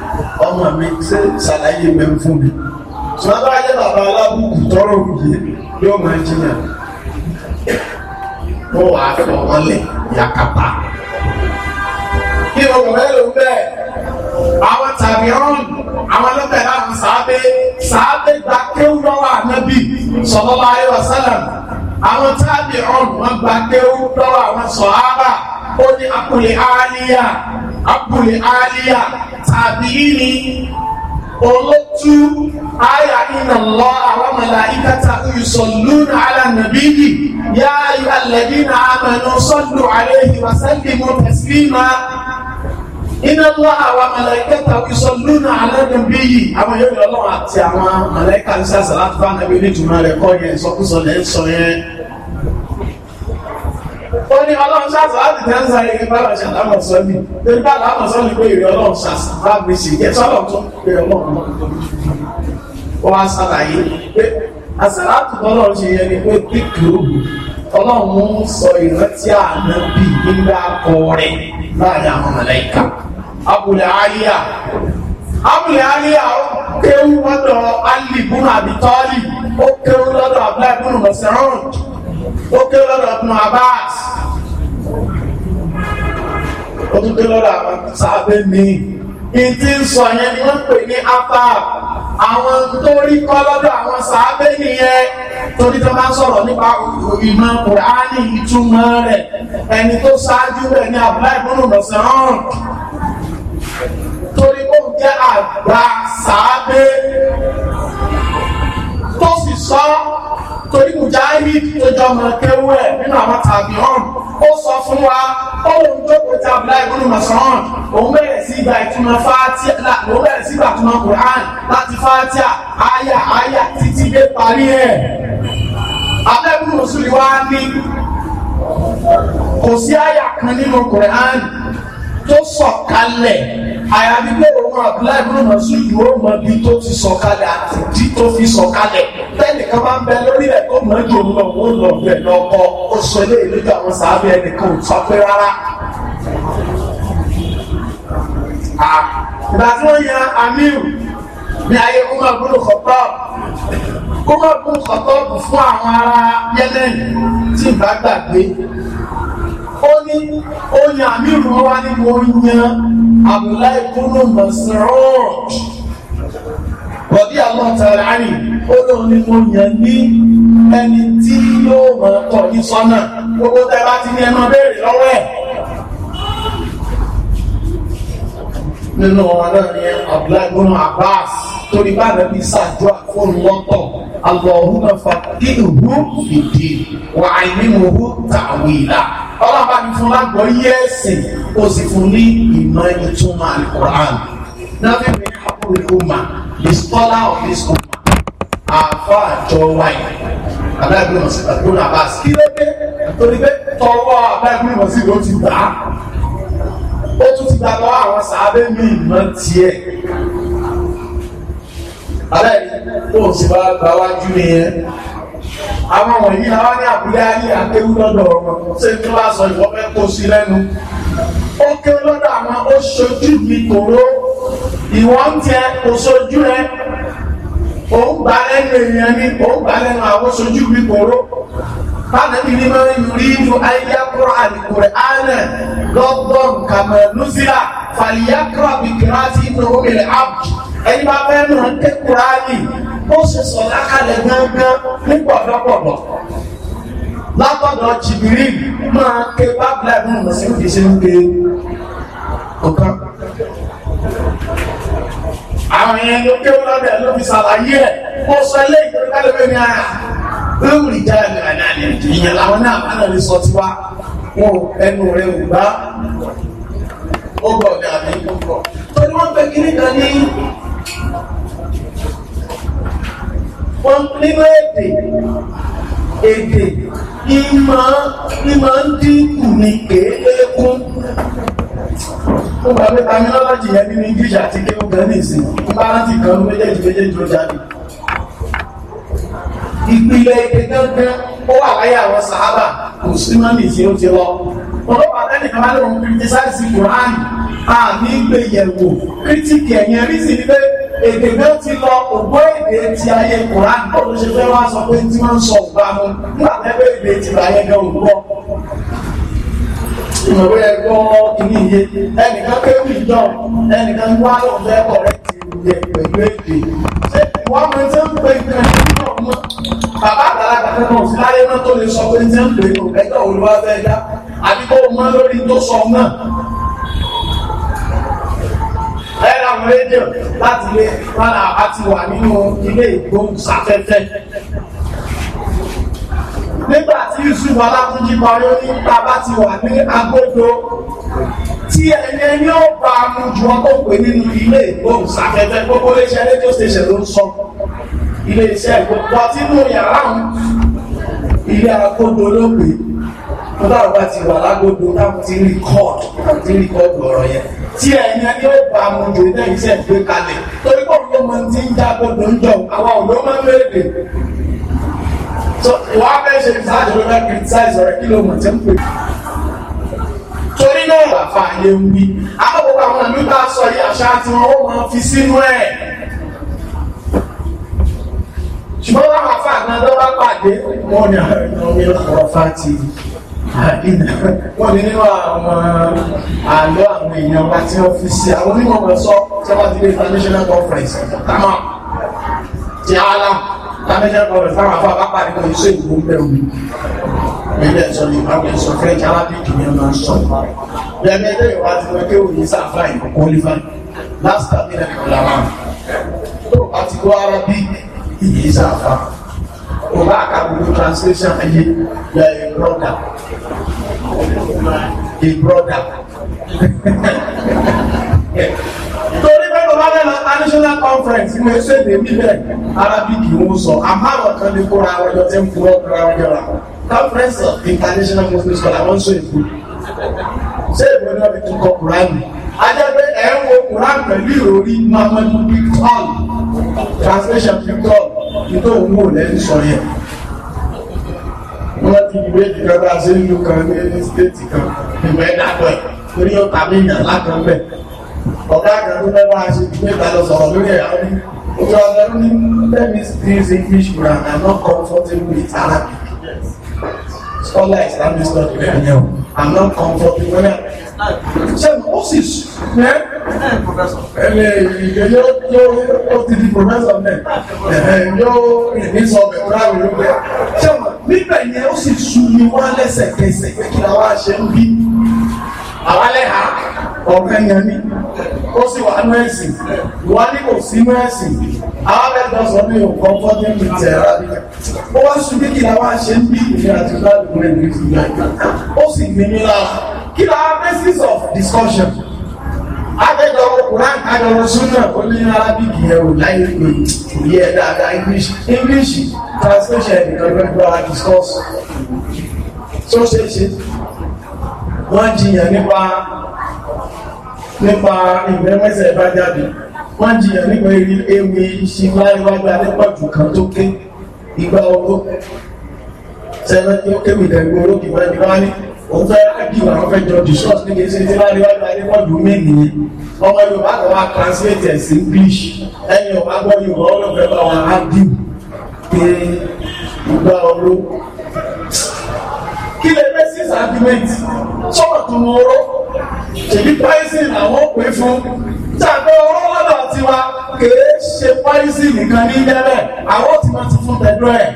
ọmọ mi ṣe ṣàlàyé mẹ́rin fún mi. ṣùgbọ́n bá yẹ bàbá alábùkù tọrọ òye yóò máa jiyàn ó wàá fọ ọmọlẹ̀ yàkàtà ohun rẹ̀ ló ń bẹ̀. àwọn tàbí ọ̀run àwọn ẹlẹ́bẹ̀ láwọn sàábé sàábé gba kéwú lọ́wọ́ ànábì sallallahu alaihi wasallam àwọn tàbí ọ̀run wọn gba kéwú lọ́wọ́ àwọn sọ̀hábà ó ní abúlé àlíyà abúlé àlíyà tàbí ní olótú àyà iná lọ àwọn màláíkàtà ìsọ̀lúnà alànàbíyì yá ayọ̀ alladhina amanu sallu alayhi wa sallimu taslima. iná lọ àwọn mẹlẹkẹ tàbí sọ lónà alẹ́ ní bí yìí àwọn yóò lọ lọ́wọ́ àti àwọn mẹlẹkẹ àti sàṣà láti bá ya ọlọ́run ṣàṣà láti tẹ́ ń sa irin bára ṣe àlámọ̀ sọ mi torí bá àlámọ̀ sọ mi pé ọlọ́run ṣàṣà bá ṣe sọ́lọ̀ tó ọlọ́run wọ́n á pé àṣà láti tọ́lọ́run ọlọ́run ń sọ ìrántí ànábì nígbà kọ rẹ̀ láàrin àwọn mọ̀lẹ́kà abúlé àríyá abúlé àríyá ó kéwú lọ́dọ̀ alìbùn àbítọ́lì ó kéwú lọ́dọ̀ abúlẹ́bùn mọ̀sẹ̀rọ̀n ó kéwú lọ́dọ̀ ọdún abbas ó tún kéwú lọ́dọ̀ àwọn sábẹ́ mìíràn ìdí ń sọ yẹn ni wọ́n pè ní afab àwọn tó rí kọ́ lọ́dọ̀ àwọn sàábé nìyẹn torí tó bá sọ̀rọ̀ nípa ìmọ̀ kùránì ìtumọ̀ rẹ̀ ẹni tó ṣáájú rẹ̀ ní abúlé ìbúnú lọ́sẹ̀ torí kó jẹ́ àgbà sàábé tó sì sọ torí mujahid tó jọ ọmọ kẹwú ẹ nínú àwọn tàbí hàn ó sọ fún wa òun jókòó tí abdullahi ibn Mas'ud òun bẹ̀rẹ̀ sí ìgbà ìtumọ̀ fatia òun bẹ̀rẹ̀ sí ìgbà ìtumọ̀ quran láti fatia aya aya títí dé parí ẹ̀ abẹ́bùn mùsùlùmí wa ní kò sí aya kan nínú quran tó sọ̀kalẹ̀ àyàbí pé òun abdullahi ibn Mas'ud yóò mọ ibi tó ti sọ̀kalẹ̀ àti ìdí tó fi sọ̀kalẹ̀ bẹ́ẹ̀ ẹnìkan máa ń bẹ lórílẹ̀ tó mọ̀ jù lọ wọ́n lọ bẹ̀ lọ́kọ́ ó sọ ilé ìlú tó àwọn sàábì ẹnìkan ò fapẹ́ rárá. ìgbà tí wọ́n yan Amíù ní ayé kó máa gbọ́dọ̀ kọ̀tọ́ kó máa gbọ́dọ̀ kọ̀tọ́ fún àwọn ará Yemen tí ìgbà gbàgbé ó ní ó yan Amíù wá ní mo yan Abdullahi kúnnù mọ̀sán rọ̀ọ̀tù bọ̀dí àwọn ọ̀tá rẹ̀ á nìyí olóhùn ni mo yàn ní ẹni tí yóò mọ̀ kọ̀ ní sọ́nà gbogbo tẹ bá ti ní ẹnu béèrè lọ́wọ́ ẹ̀. nínú ọmọ náà ni Abdullahi gbọ́nà Abbas torí bá rẹ̀ bí sàdúrà fún lọ́tọ̀ alọ́húnà fàdíhù fìdí wà àìníhù tàwílà ọlọ́pàá ní fún lágbọ́ yé ẹ̀sìn ó sì fún ní ìmọ̀ ìtumọ̀ alukoran náà fi mi àbúrò ìhùmà the scholar of this country àfa àjọ wáyé abúlé mọ̀sí àdúgbò náà bá sí lédè torí pé tọwọ́ abúlé mọ̀sí ló ti gbà á ó tún ti gbàgbọ́ àwọn sàábẹ́ mi ìmọ̀ tiẹ̀ alẹ́ òun sì bá gbà wájú nìyẹn àwọn wọ̀nyí àwọn ní àbúlé ayé àkéwú lọ́dọ̀ ọ̀rọ̀ ṣé kí wọ́n sọ ìwọ́n fẹ́ kó sí lẹ́nu ó ké lọ́dọ̀ àwọn ó ṣojú mi kòró ìwọ́n ń tiẹ̀ kò ṣojú ẹ òun gba lẹ́nu èèyàn ni òun gba lẹ́nu àwọn sojú bí kòró fánàbí ní máa ń rí inú ayélujára àdìkùrẹ́ ánà gọ́gbọ́n kàmẹ́lúsílà fàlìyàkúrà bìkìrà sí inú omi rẹ̀ ábùjù ẹni bá fẹ́ mọ̀ ń ké kúránì ó ṣe sọ lákàlẹ̀ gángan ní pọ̀lọ́pọ̀lọ́ látọ̀dọ̀ jìbìrì máa ké bábìlà ní mùsùlùmí fi ṣe ń ké ọ̀kan àwọn yẹn ló kéwọ́n lọ́dẹ̀ ló fi ṣàlàyé ẹ̀ kó sọ ilé ìtòrí kálífẹ́ ní ara lórí ìjà ìrìn àná ìyẹn làwọn náà má lọ lè sọ tiwa wọn ẹnu rẹ ò bá ó gbọ́ ní àmì ó gbọ́ torí wọ́n pẹ́ kiri kan ní wọ́n nínú èdè èdè ìmọ̀ ìmọ̀ ń dínkù ní kéékún ó gbà pé terminology yẹn nínú English àti kéwù gan ní ìsìn bá rántí kan méjèèjì méjèèjì ló jáde ìpìlẹ̀ èdè gángan ó wà láyé àwọn sàhábà kò sí mọ́nì tí ó ti lọ ọlọ́pàá tẹ́nìkan bá lóun kìrìtì sáìsì Kùránì àmì ìgbéyẹ̀wò kìrìtìkì ẹ̀yẹn rí sí ní èdè bí ó ti lọ ògbó èdè ti ayé Kùránì náà ló ṣe fẹ́ wá sọ pé tí wọ́n ń sọ ọ̀gbà mu nígbà tẹ́lẹ̀ èdè ti bàyẹ gan òwúrọ̀. ìmọ̀wé ẹ̀gbọ́n ìní iye ẹnìkan kéwì ìjọ ẹnìkan wá lọ fẹ́ ọ̀rẹ́ ti yẹ pẹ̀lú èdè. ṣé ìwọ́n mi ti ń pe nǹkan ìdílé ọ̀gbọ́n bàbá àgbàlagbà fẹ́ mọ̀ sí láyé náà tó lè sọ pé ti ń pè é ẹ̀gbọ́n olùwàfẹ́ dá àwọn rédíò láti lè rárá àti wà nínú ilé ìgbóhùnsáfẹ́fẹ́ nígbà tí Yusuf Ọlátúnjí parí ó ní bàbá ti wà ní agodo tí ẹni ẹni ó bá mú ju ọkọ̀ pé nínú ilé ìgbóhùnsáfẹ́fẹ́ gbogbo iléeṣẹ́ rédíò station ló ń sọ ilé iṣẹ́ ìgbóhùn ọtí nù yàrá òun ilé agodo ló pè é tó bá wà ti wà lágodo táwọn ti rí kọ́ọ̀dù táwọn ti rí kọ́ọ̀dù ọ̀rọ̀ yẹn tí ẹ̀yin ẹni ó bá mu jù ní ẹ̀yin sẹ̀ gbé kalẹ̀ torí pé òun ló mọ ti ń já gbogbo ń jọ àwọn òun ló máa ń léde. so ìwà abẹ́ ṣe ìsáàjì ló fẹ́ criticize ọ̀rẹ́ kí ló mọ̀ tí ń pè. torí náà làfà yé ń wí àbúkọ àwọn ìlú bá sọ yìí àṣà tí wọn ó máa fi sínú ẹ̀. ṣùgbọ́n wọn àfà náà lọ́wọ́ pàdé wọn àwọn ìlú wọ́n ní nínú àwọn àlọ́ àwọn èèyàn bá tí wọ́n fi sí àwọn onímọ̀ wọn sọ tí wọ́n ti dé international conference tamọ́ ti ala international conference táwọn afọ àbápá ní kò ṣe ìlú bẹ̀rù ilé ẹ̀sọ́ ní ìpàgọ́ ẹ̀sọ́ french arabic ni wọ́n máa ń sọ bẹ́ẹ̀ni ẹgbẹ́ ìwà ti wọ́n kéwòn ní sáfà ìkókó lífà last time ní ẹ̀kọ́ làwọn tó bá ti kó arabic ìyí sáfà kò bá ka gbogbo translation ayé yẹ ẹ broda ẹ broda torí pé bàbá bẹ́ẹ̀ lọ traditional conference ní ẹsẹ̀ tèmi bẹ́ẹ̀ arabic ń sọ àmàlọ́ kan ní kóra ọjọ́ tí ń kúrọ́ kúrọ́ ọjọ́ rà conference of international muslim scholar wọ́n sọ èkó ṣé èkó ni wọ́n fi tún kọ kúránì ajẹ́pẹ́ ẹ̀ ń wo kúránì pẹ̀lú ìròrí mamadu pictol translation pictol ìtò òun ò lẹ́nu sọ yẹn wọ́n ti gbé ìjọba bá ṣe kan ní stéètì kan ìgbẹ́ dàgbọ́ torí ó tàbí ìyàn lákan ọ̀gá kan tó fẹ́ bá ṣe ìgbé ta sọ̀rọ̀ lórí ẹ̀ àwọn ojú ọ̀gá ní let me speak English and I'm not comfortable with Arabic scholar Islamic study rẹ̀ yẹn o I'm not comfortable ṣe moses ẹ ẹni ìgbẹ́ yóò yóò ti di professor náà ẹ̀hẹ̀ yóò ní sọ bẹ̀ kúrò àwọn olóògbé ṣe wọn nígbà yẹn ó sì su ni wọn lẹ́sẹ̀kẹsẹ̀ kí ni àwa ṣe ń bí àwa lẹ́hà ọ̀gbẹ́ yẹn ni ó sì wà nú ẹ̀sìn wà ní kò sí nú ẹ̀sìn àwọn abẹ́gbẹ́ sọ ní òkú ọkọ ní ìlú tẹ̀ra ó wá sùn bí kí ni àwa ṣe ń bí ìrìn àti ìlú àdúgbò rẹ̀ ní ìlú ó sì ní nílá kí ló á basis of discussion abẹ́jọ Quran adọ̀rọ̀ súnà ó ní Arabic yẹn ò láyé pé òye ẹ̀ dáadáa English English translation nìkan ló ń bọ́ ara discuss tó ṣe ṣe wọ́n jiyàn nípa nípa ìgbẹ́mẹ́sẹ̀ bá jáde wọ́n jiyàn nípa ewì ìṣìláìwágbà nípa jù kan tó ké ìgbà ogó sẹ́lẹ̀ tó kéwì ìdẹ̀gbẹ̀ orókè wọ́n ni wọ́n ní òun fẹ́ ágìw àwọn fẹ́ jọ discuss ní kí n ṣe tí wọ́n wá ní wọ́n dùn mí nìyẹn ọmọ yorùbá kan wá translate ẹ̀ sí english ẹ̀yìn ọ̀pá gbọ́ yorùbá ọlọ́fẹ́ bá wọn ágìw pé ìgbà ọlọ́ kí lè fẹ́ six argument sọ̀rọ̀ tó mọ ọ̀rọ̀ ṣèbí pricing àwọn pè fún tàbí ọ̀rọ̀ lọ́dọ̀ tiwa kèé ṣe pricing nìkan ní jẹ́bẹ̀ àwọn tí wọ́n ti fún tẹ̀dọ́ ẹ̀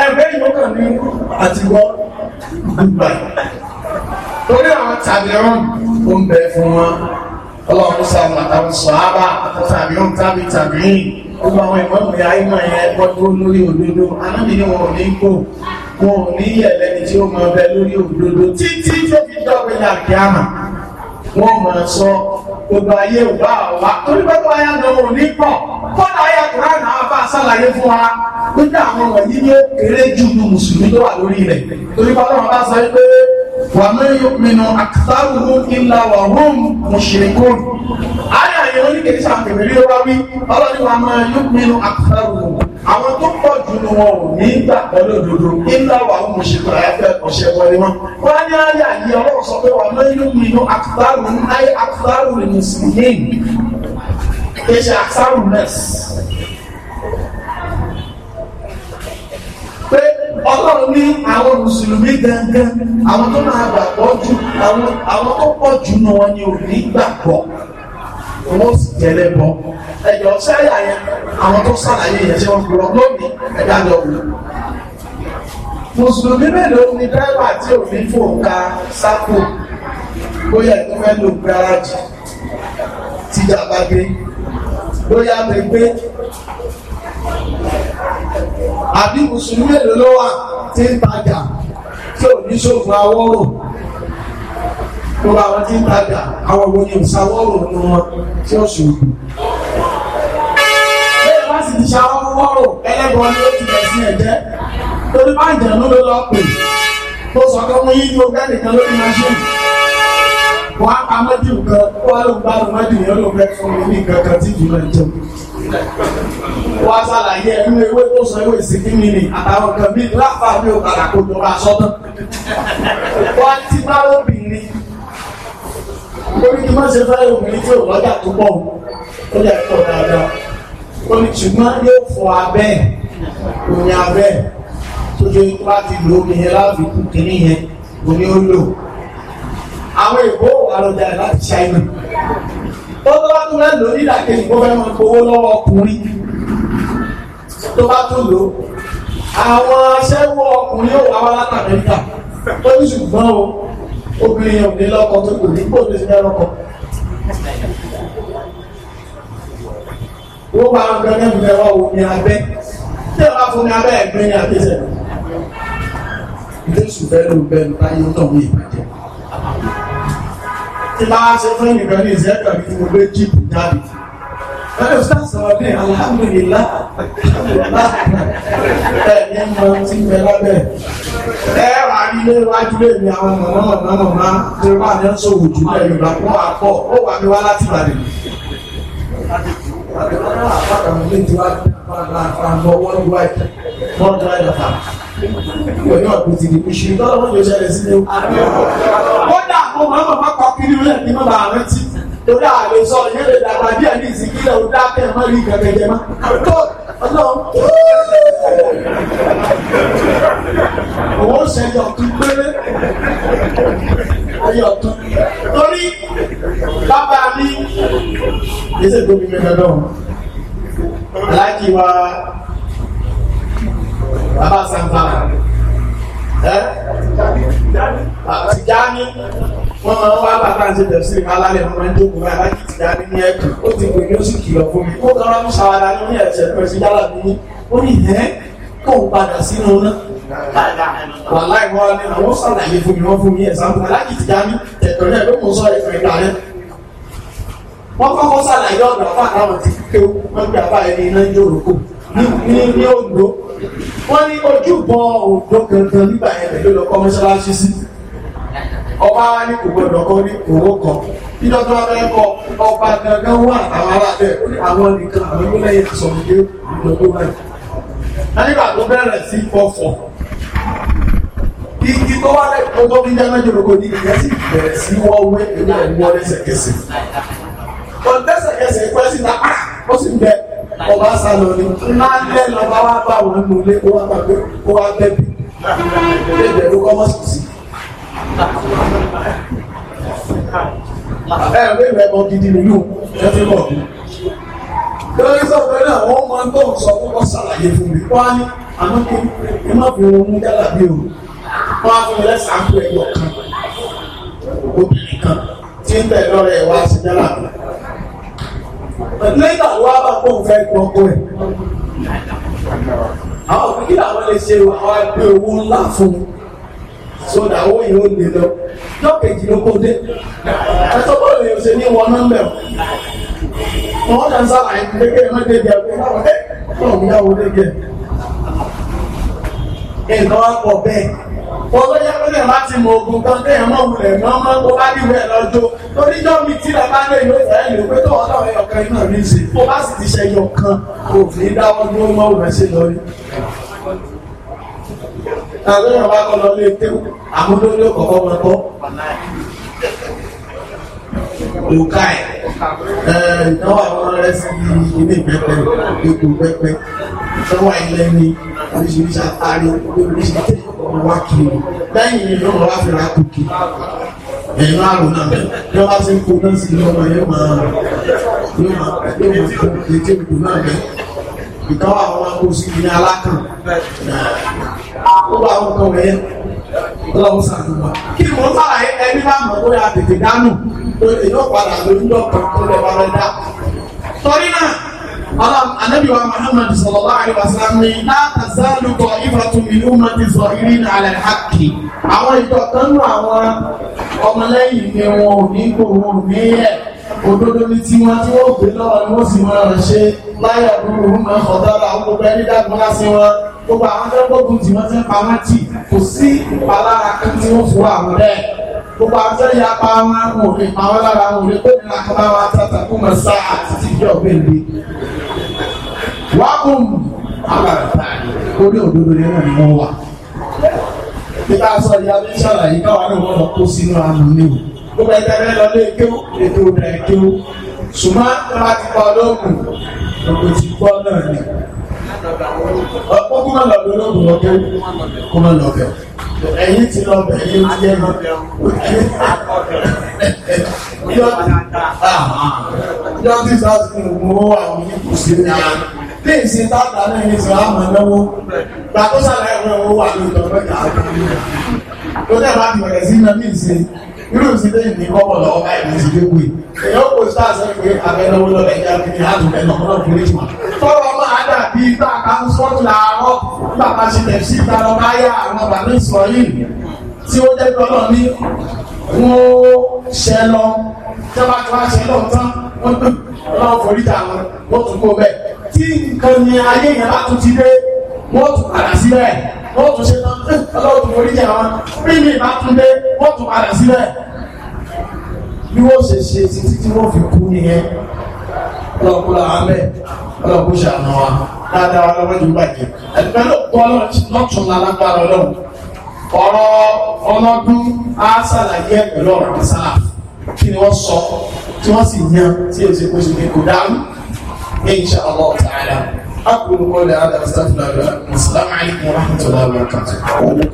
ẹgbẹ́ ìyókàn ní àtiwọ́ gbígbà torí àwọn tàbí ọ̀run ó ń bẹ fún wọn ọlọ́run sábà àtàwọn sọ̀hábà àtàbí ọ̀run tàbí tàbí yìí gbogbo àwọn ìmọ̀ọ́mù ya ìmọ̀ yẹn gbọ́dọ̀ lórí òdodo alábì ni wọn ò ní kó wọn ò ní yẹ lẹ́ni tí ó mọ ọbẹ̀ lórí òdodo títí tó fi dọ́gbẹ́jà kíámà wọ́n mọ̀ sọ gbogbo ayé wà wá torí pé tó ayé àná ò ní pọ̀ kódà ayé àkùrá náà bá a sàlàyé fún wa nígbà àwọn wọ̀nyí ló kéré jù ní mùsùlùmí tó wà lórí rẹ̀ torí pé ọlọ́run bá sọ pé wà mí mìíràn àkàtàwùrú ìlà wà rúm mùsùlùmí ayé àyè oníkèéṣà kèmèrè wá wí ọlọ́run wà mí mìíràn àkàtàwùrú àwọn tó pọ̀ jù ní wọn ò ní gbà pẹ̀lú òdodo nígbà wà ó mo ṣe kọ́ ẹ̀fẹ́ ọ̀ṣẹ́ wọlé wọn. wọ́n á ní ayé àyè ọlọ́run sọ pé wà lóyún mi inú àtúbárù ní ayé àtúbárù ní mùsùlùmí kì í ṣe àtúbárù nẹ́ẹ̀sì. pé ọlọ́run ní àwọn mùsùlùmí gangan àwọn tó máa gbàgbọ́ jù àwọn tó pọ̀ jù ní wọn ni ò ní gbàgbọ́ wọ́n sì tẹ̀lé bọ́ ẹ̀jọ̀ sẹ́yà yẹn àwọn tó sàlàyé yẹn tí wọ́n fi rọ lónìí ẹ̀dá lọ wù. mùsùlùmí mélòó ni dẹ́rẹ́bà tí òfin fò ka sápò bóyá ẹ̀kọ́ fẹ́ lò gáràjì tíjà bá gbé bóyá mi gbé àbí mùsùlùmí mélòó ló wà tí ń tajà tí ò ní ṣòfò awọ́rò gbogbo àwọn tí ń tajà àwọn wo ni ìṣàwọ́rò nínú wọn tí ó ṣe òògùn. bẹ́ẹ̀ bá sì ti ṣàwọ́rò ẹlẹ́gbọ́n ni ó ti bẹ̀ sí ẹ̀jẹ̀ torí bá ìjànú ló lọ pè tó sọ pé wọ́n yí ní ogá nìkan lórí machine wọ́n á pa mẹ́jù kan wọ́n á ló ń bá lọ mẹ́jù yẹn ló fẹ́ fún mi ní kankan tí jùlọ jẹun. wọ́n á ṣàlàyé ẹ̀rú ewé tó sọ ewé sí kí mi àtàwọn nǹkan bíi láfàá mi ò padà kó jọba sọ́tàn. wọ́n á ti bá lóbìnrin ó ní má ṣe fẹ́ obìnrin tí ò lọ́jà tó pọ̀ ó lè pọ̀ dáadáa ó ní ṣùgbọ́n yóò fọ abẹ́ òyìn abẹ́ tó ṣe láti lò obìnrin láti kú kínní yẹn òní ó lò àwọn èbó wà lọ́jà láti ṣáínà ó tó bá tún náà lò nídàkejì kó fẹ́ máa gbowó lọ́wọ́ ọkùnrin tó bá tún lò àwọn aṣẹ́wó ọkùnrin yóò wá wá látàmẹ́ríkà ó ní ṣùgbọ́n o obìnrin yẹn ò ní lọ́kọ tó kò ní gbòòdì sí ẹranko wọ́n bá ń gbẹ́ ní ìgbẹ́wọ́ omi abẹ́ tí ọba fún mi abẹ́ ẹ̀gbẹ́ ní àtẹ́sẹ̀ jésù fẹ́ ló bẹ́ẹ̀ ló báyé tọ̀ ní ìbàjẹ́ tí bá ṣe fún ìgbẹ́ ní ìṣẹ́ tàbí tí mo gbé jíìpù jáde lọ́dọ̀ sáàsì ọdún alhamdulilá alhamdulilá ẹ̀ ní mọ tí ń bẹ lábẹ́ ẹ̀ ilé wájú lè ní àwọn mọ̀mọ́ mọ̀mọ́ mọ̀mọ́ tí wọ́n bá ní ẹ̀ ń sòwò yorùbá kó wà ó wà mí wá láti bàdé. Kódà mo máa mọ̀ pápá kiri lẹ̀ ní bàbá rẹ̀ tí torí ààrẹ sọ ìyẹn lè dàgbà díẹ̀ ní ìsìnkú lẹ̀ ó dá kẹ́ ẹ̀ má rí ìkẹ́kẹ́ jẹ má. ṣe yọ ọ̀kan péré ayé ọ̀kan torí bàbá mi ẹsẹ̀ gbòmí mi dandan aláàjì wa bàbá santa ẹ tìjáni wọn máa ń wá bàtà ń ṣe tẹ̀sí alálẹ̀ wọn máa ń jókòó báyìí aláàjì tìjáni ní ẹ̀kú ó ti pè ní ó sì kìlọ̀ fún mi ó kàn ń ṣàwádà ní ẹ̀sẹ̀ pẹ̀sì yálà ó ní ẹ̀ kó o padà sínú náà. wàláì wọn ni àwọn sàlàyé fún mi wọn fún mi ẹ̀sán fún mi láti ti dání tẹ̀tọ̀ náà ló mú sọ ìfẹ́ ìdáná wọ́n sàlàyé ọ̀dọ̀ fún àtàwọn ti kéwú wọ́n gbé àbá ẹni iná jòròkó ní ní kankan nígbà yẹn pẹ̀lú lọ́kọ́ sí ọba ní kò gbọdọ̀ kọ́ ní owó ọba gangan wà àwọn àwọn nìkan àwọn ìlú tó wà lẹ́yìn tó tóbi jẹ́ mẹ́jọ lóko ní ìyẹn sì bẹ̀rẹ̀ sí wọ́n wé ìwé ìwọ́ lẹ́sẹ̀kẹsẹ̀ ọ̀ lẹ́sẹ̀kẹsẹ̀ pẹ́ síta ah, ó sì bẹ ọba sálọ ni ńlá lẹ́ lọ́ba wá bá wọn nù lé kó wá bàbá kó wá bẹ́bí lé bẹ̀rù kọ́mọ́ sì sí. ẹ ẹ bẹ́ẹ̀ bọ́ gidi nínú ẹ ti bọ̀ lórí sọ̀rọ̀ náà wọ́n máa ń tó sọ fún ọ sàlàyé fún mi wọ́n á ní àná kí ẹ má fi ohun yálà bí o wọ́n á fún mi lẹ́sàájú ẹ̀yọ̀ kan obìnrin kan tí ń tẹ̀lé ọ̀rẹ́ ẹ̀ wá sí jálá mi. nígbà wo a bá gbóhùn fẹ́ gbọ́ kó ẹ̀. àwọn òbí kí làwọn lè ṣe àwọn ẹgbẹ́ owó ńlá fún un sódà owó yìí ó lè lọ lọ́kẹ̀jì ló kó dé ẹ̀sọ́ bọ́ọ̀lù yìí ó ṣe ní wọn nọ́mbẹ̀ wọn. wọ́n dàn sára kékeré wọn ẹgbẹ́ náà wọ́n dé nǹkan wá pọ̀ bẹ́ẹ̀ olóyè pẹ́lẹ́ má ti mọ ogun kan téèyàn mọ̀ wulẹ̀ mọ́ mọ́ kó bá dìbò lọ́jọ́ torí jọ́ mi tí lọ bá lè yóò fẹ́ lè pé tó ọ̀dọ̀ ẹ̀yọ̀ iná mi ṣe kó bá sì ti ṣe ẹyọ kan kò fi dáwọ́ dúró mọ́ òun ẹ̀ṣẹ̀ lórí. àwọn bá kọ́ lọ lé tẹ́wọ̀ àmúlò ló kọ̀kọ́ wọn kọ́ òkà ẹ̀ náà àwọn ọ̀rẹ́ sí ilé pẹpẹ ètò pẹpẹ sọ́wọ́ ilẹ̀ ní oríṣiríṣi àtàrí oríṣiríṣi tẹ́lẹ̀ wá kiri lẹ́yìn ìlú wọn wá fìlà kùkì ẹ̀yìn àrùn náà bí wọ́n bá ti ń kó náà sí ilé ọmọ yóò máa yóò máa kó ètò ìkó náà bẹ́ẹ̀ ìtọ́ àwọn akóso ìní alákàn ó bá wọn kọ̀ wẹ́yẹ lọ́wọ́ sàdúrà kí ni mo ń sàlàyé ẹni bá mọ̀ bóyá tètè dánù èyàn padà lójúlọ kan tó lọ bá lọ dá. torí náà ọlọ́run anábìwá Muhammad sallallahu alaihi wasallam ní láta zálùkọ ìfọ̀túnmínú máa ti sọ irí ní alẹ́ hákì. àwọn ìjọ kan nù àwọn ọmọlẹ́yìn ni wọn ò ní kó wọn ò ní yẹ òdodo ni tí wọn tí wọn gbé lọ́wọ́ ni wọn sì máa rẹ ṣe láyọ̀ gbogbo àtẹ ya pa wọn wọn ò ní pa wọn lára wọn ò ní kó nira kan bá wọn tata kó mọ sá àtìtì ìjọ gbèndé wàá kún àgbàdà orí òdodo ni wọn ni wọn wà nígbà sọ ìyá mi ṣàlàyé káwọn náà wọn lọ kó sínú àánú ní o gbogbo ẹgbẹ́ rẹ lọ lé kéwú ètò ìdá kéwú ṣùgbọ́n ẹ má ti pa olóògùn òkè ti gbọ́ náà ni ọ̀pọ̀ kó má lọ́bẹ̀ olóògùn lọ́bẹ̀ kó má lọ́bẹ̀ ẹ̀yìn ti lọ́bẹ̀ ẹ̀yìn ti yẹn yọ tí sáàsì ní ògùn àwọn oníkù sí ní àwọn bí ìsì táàtà náà ní ìsìn àmọ́ náwó gbàgbọ́sàlẹ̀ ẹ̀rọ wà ní ìtọ́gbẹ́ta tó dẹ̀ bá ti bẹ̀rẹ̀ sí náà ní ìsìn irú ti dé ìní kọ́pọ̀ lọ́wọ́ báyìí ní ti dé wí. èèyàn kò sá sí pé abẹ́náwó lọ́lẹ̀ ìjà kìíní láti bẹ̀ náà náà fún ìjùmọ̀. tọ́rọ̀ máa dàbí tá a kà ń sọ́ọ̀tì làárọ̀ bàbá ṣe tẹ̀ sí ìta lọ́ba yá àwọn bàbá ìsọ̀ yìí tí ó jẹ́ tọ́lọ̀ ní wọ́n ṣẹ lọ jábá tó wá ṣẹ lọ tán wọ́n tún lọ́wọ́ foríta wọn wọ́n tún kó bẹ́ẹ̀ tí nǹkan yẹn ayé yẹn bá tún ti dé wọ́n tún padà síbẹ̀ wọ́n tún ṣe tán ọlọ́run tún forí jà wọn bí mi bá tún dé wọ́n tún padà sílẹ̀ bí wọ́n ṣe ṣe títí tí wọ́n fi kú nìyẹn ọlọ́kùnrin amẹ́ ọlọ́kùnrin ṣàánú wa dáadáa wọn lọ́wọ́ bàjẹ́ ẹ̀dùnmẹ́ ló kọ́ lọ́tún lálágbára ọlọ́run ọ̀rọ̀ ọlọ́dún á ṣàlàyé pẹ̀lú ọ̀rọ̀ kí ni wọ́n sọ tí wọ́n sì yan tí èsì kò sì kò ní insha Allah أقول قولي هذا أستغفر الله السلام عليكم ورحمة الله وبركاته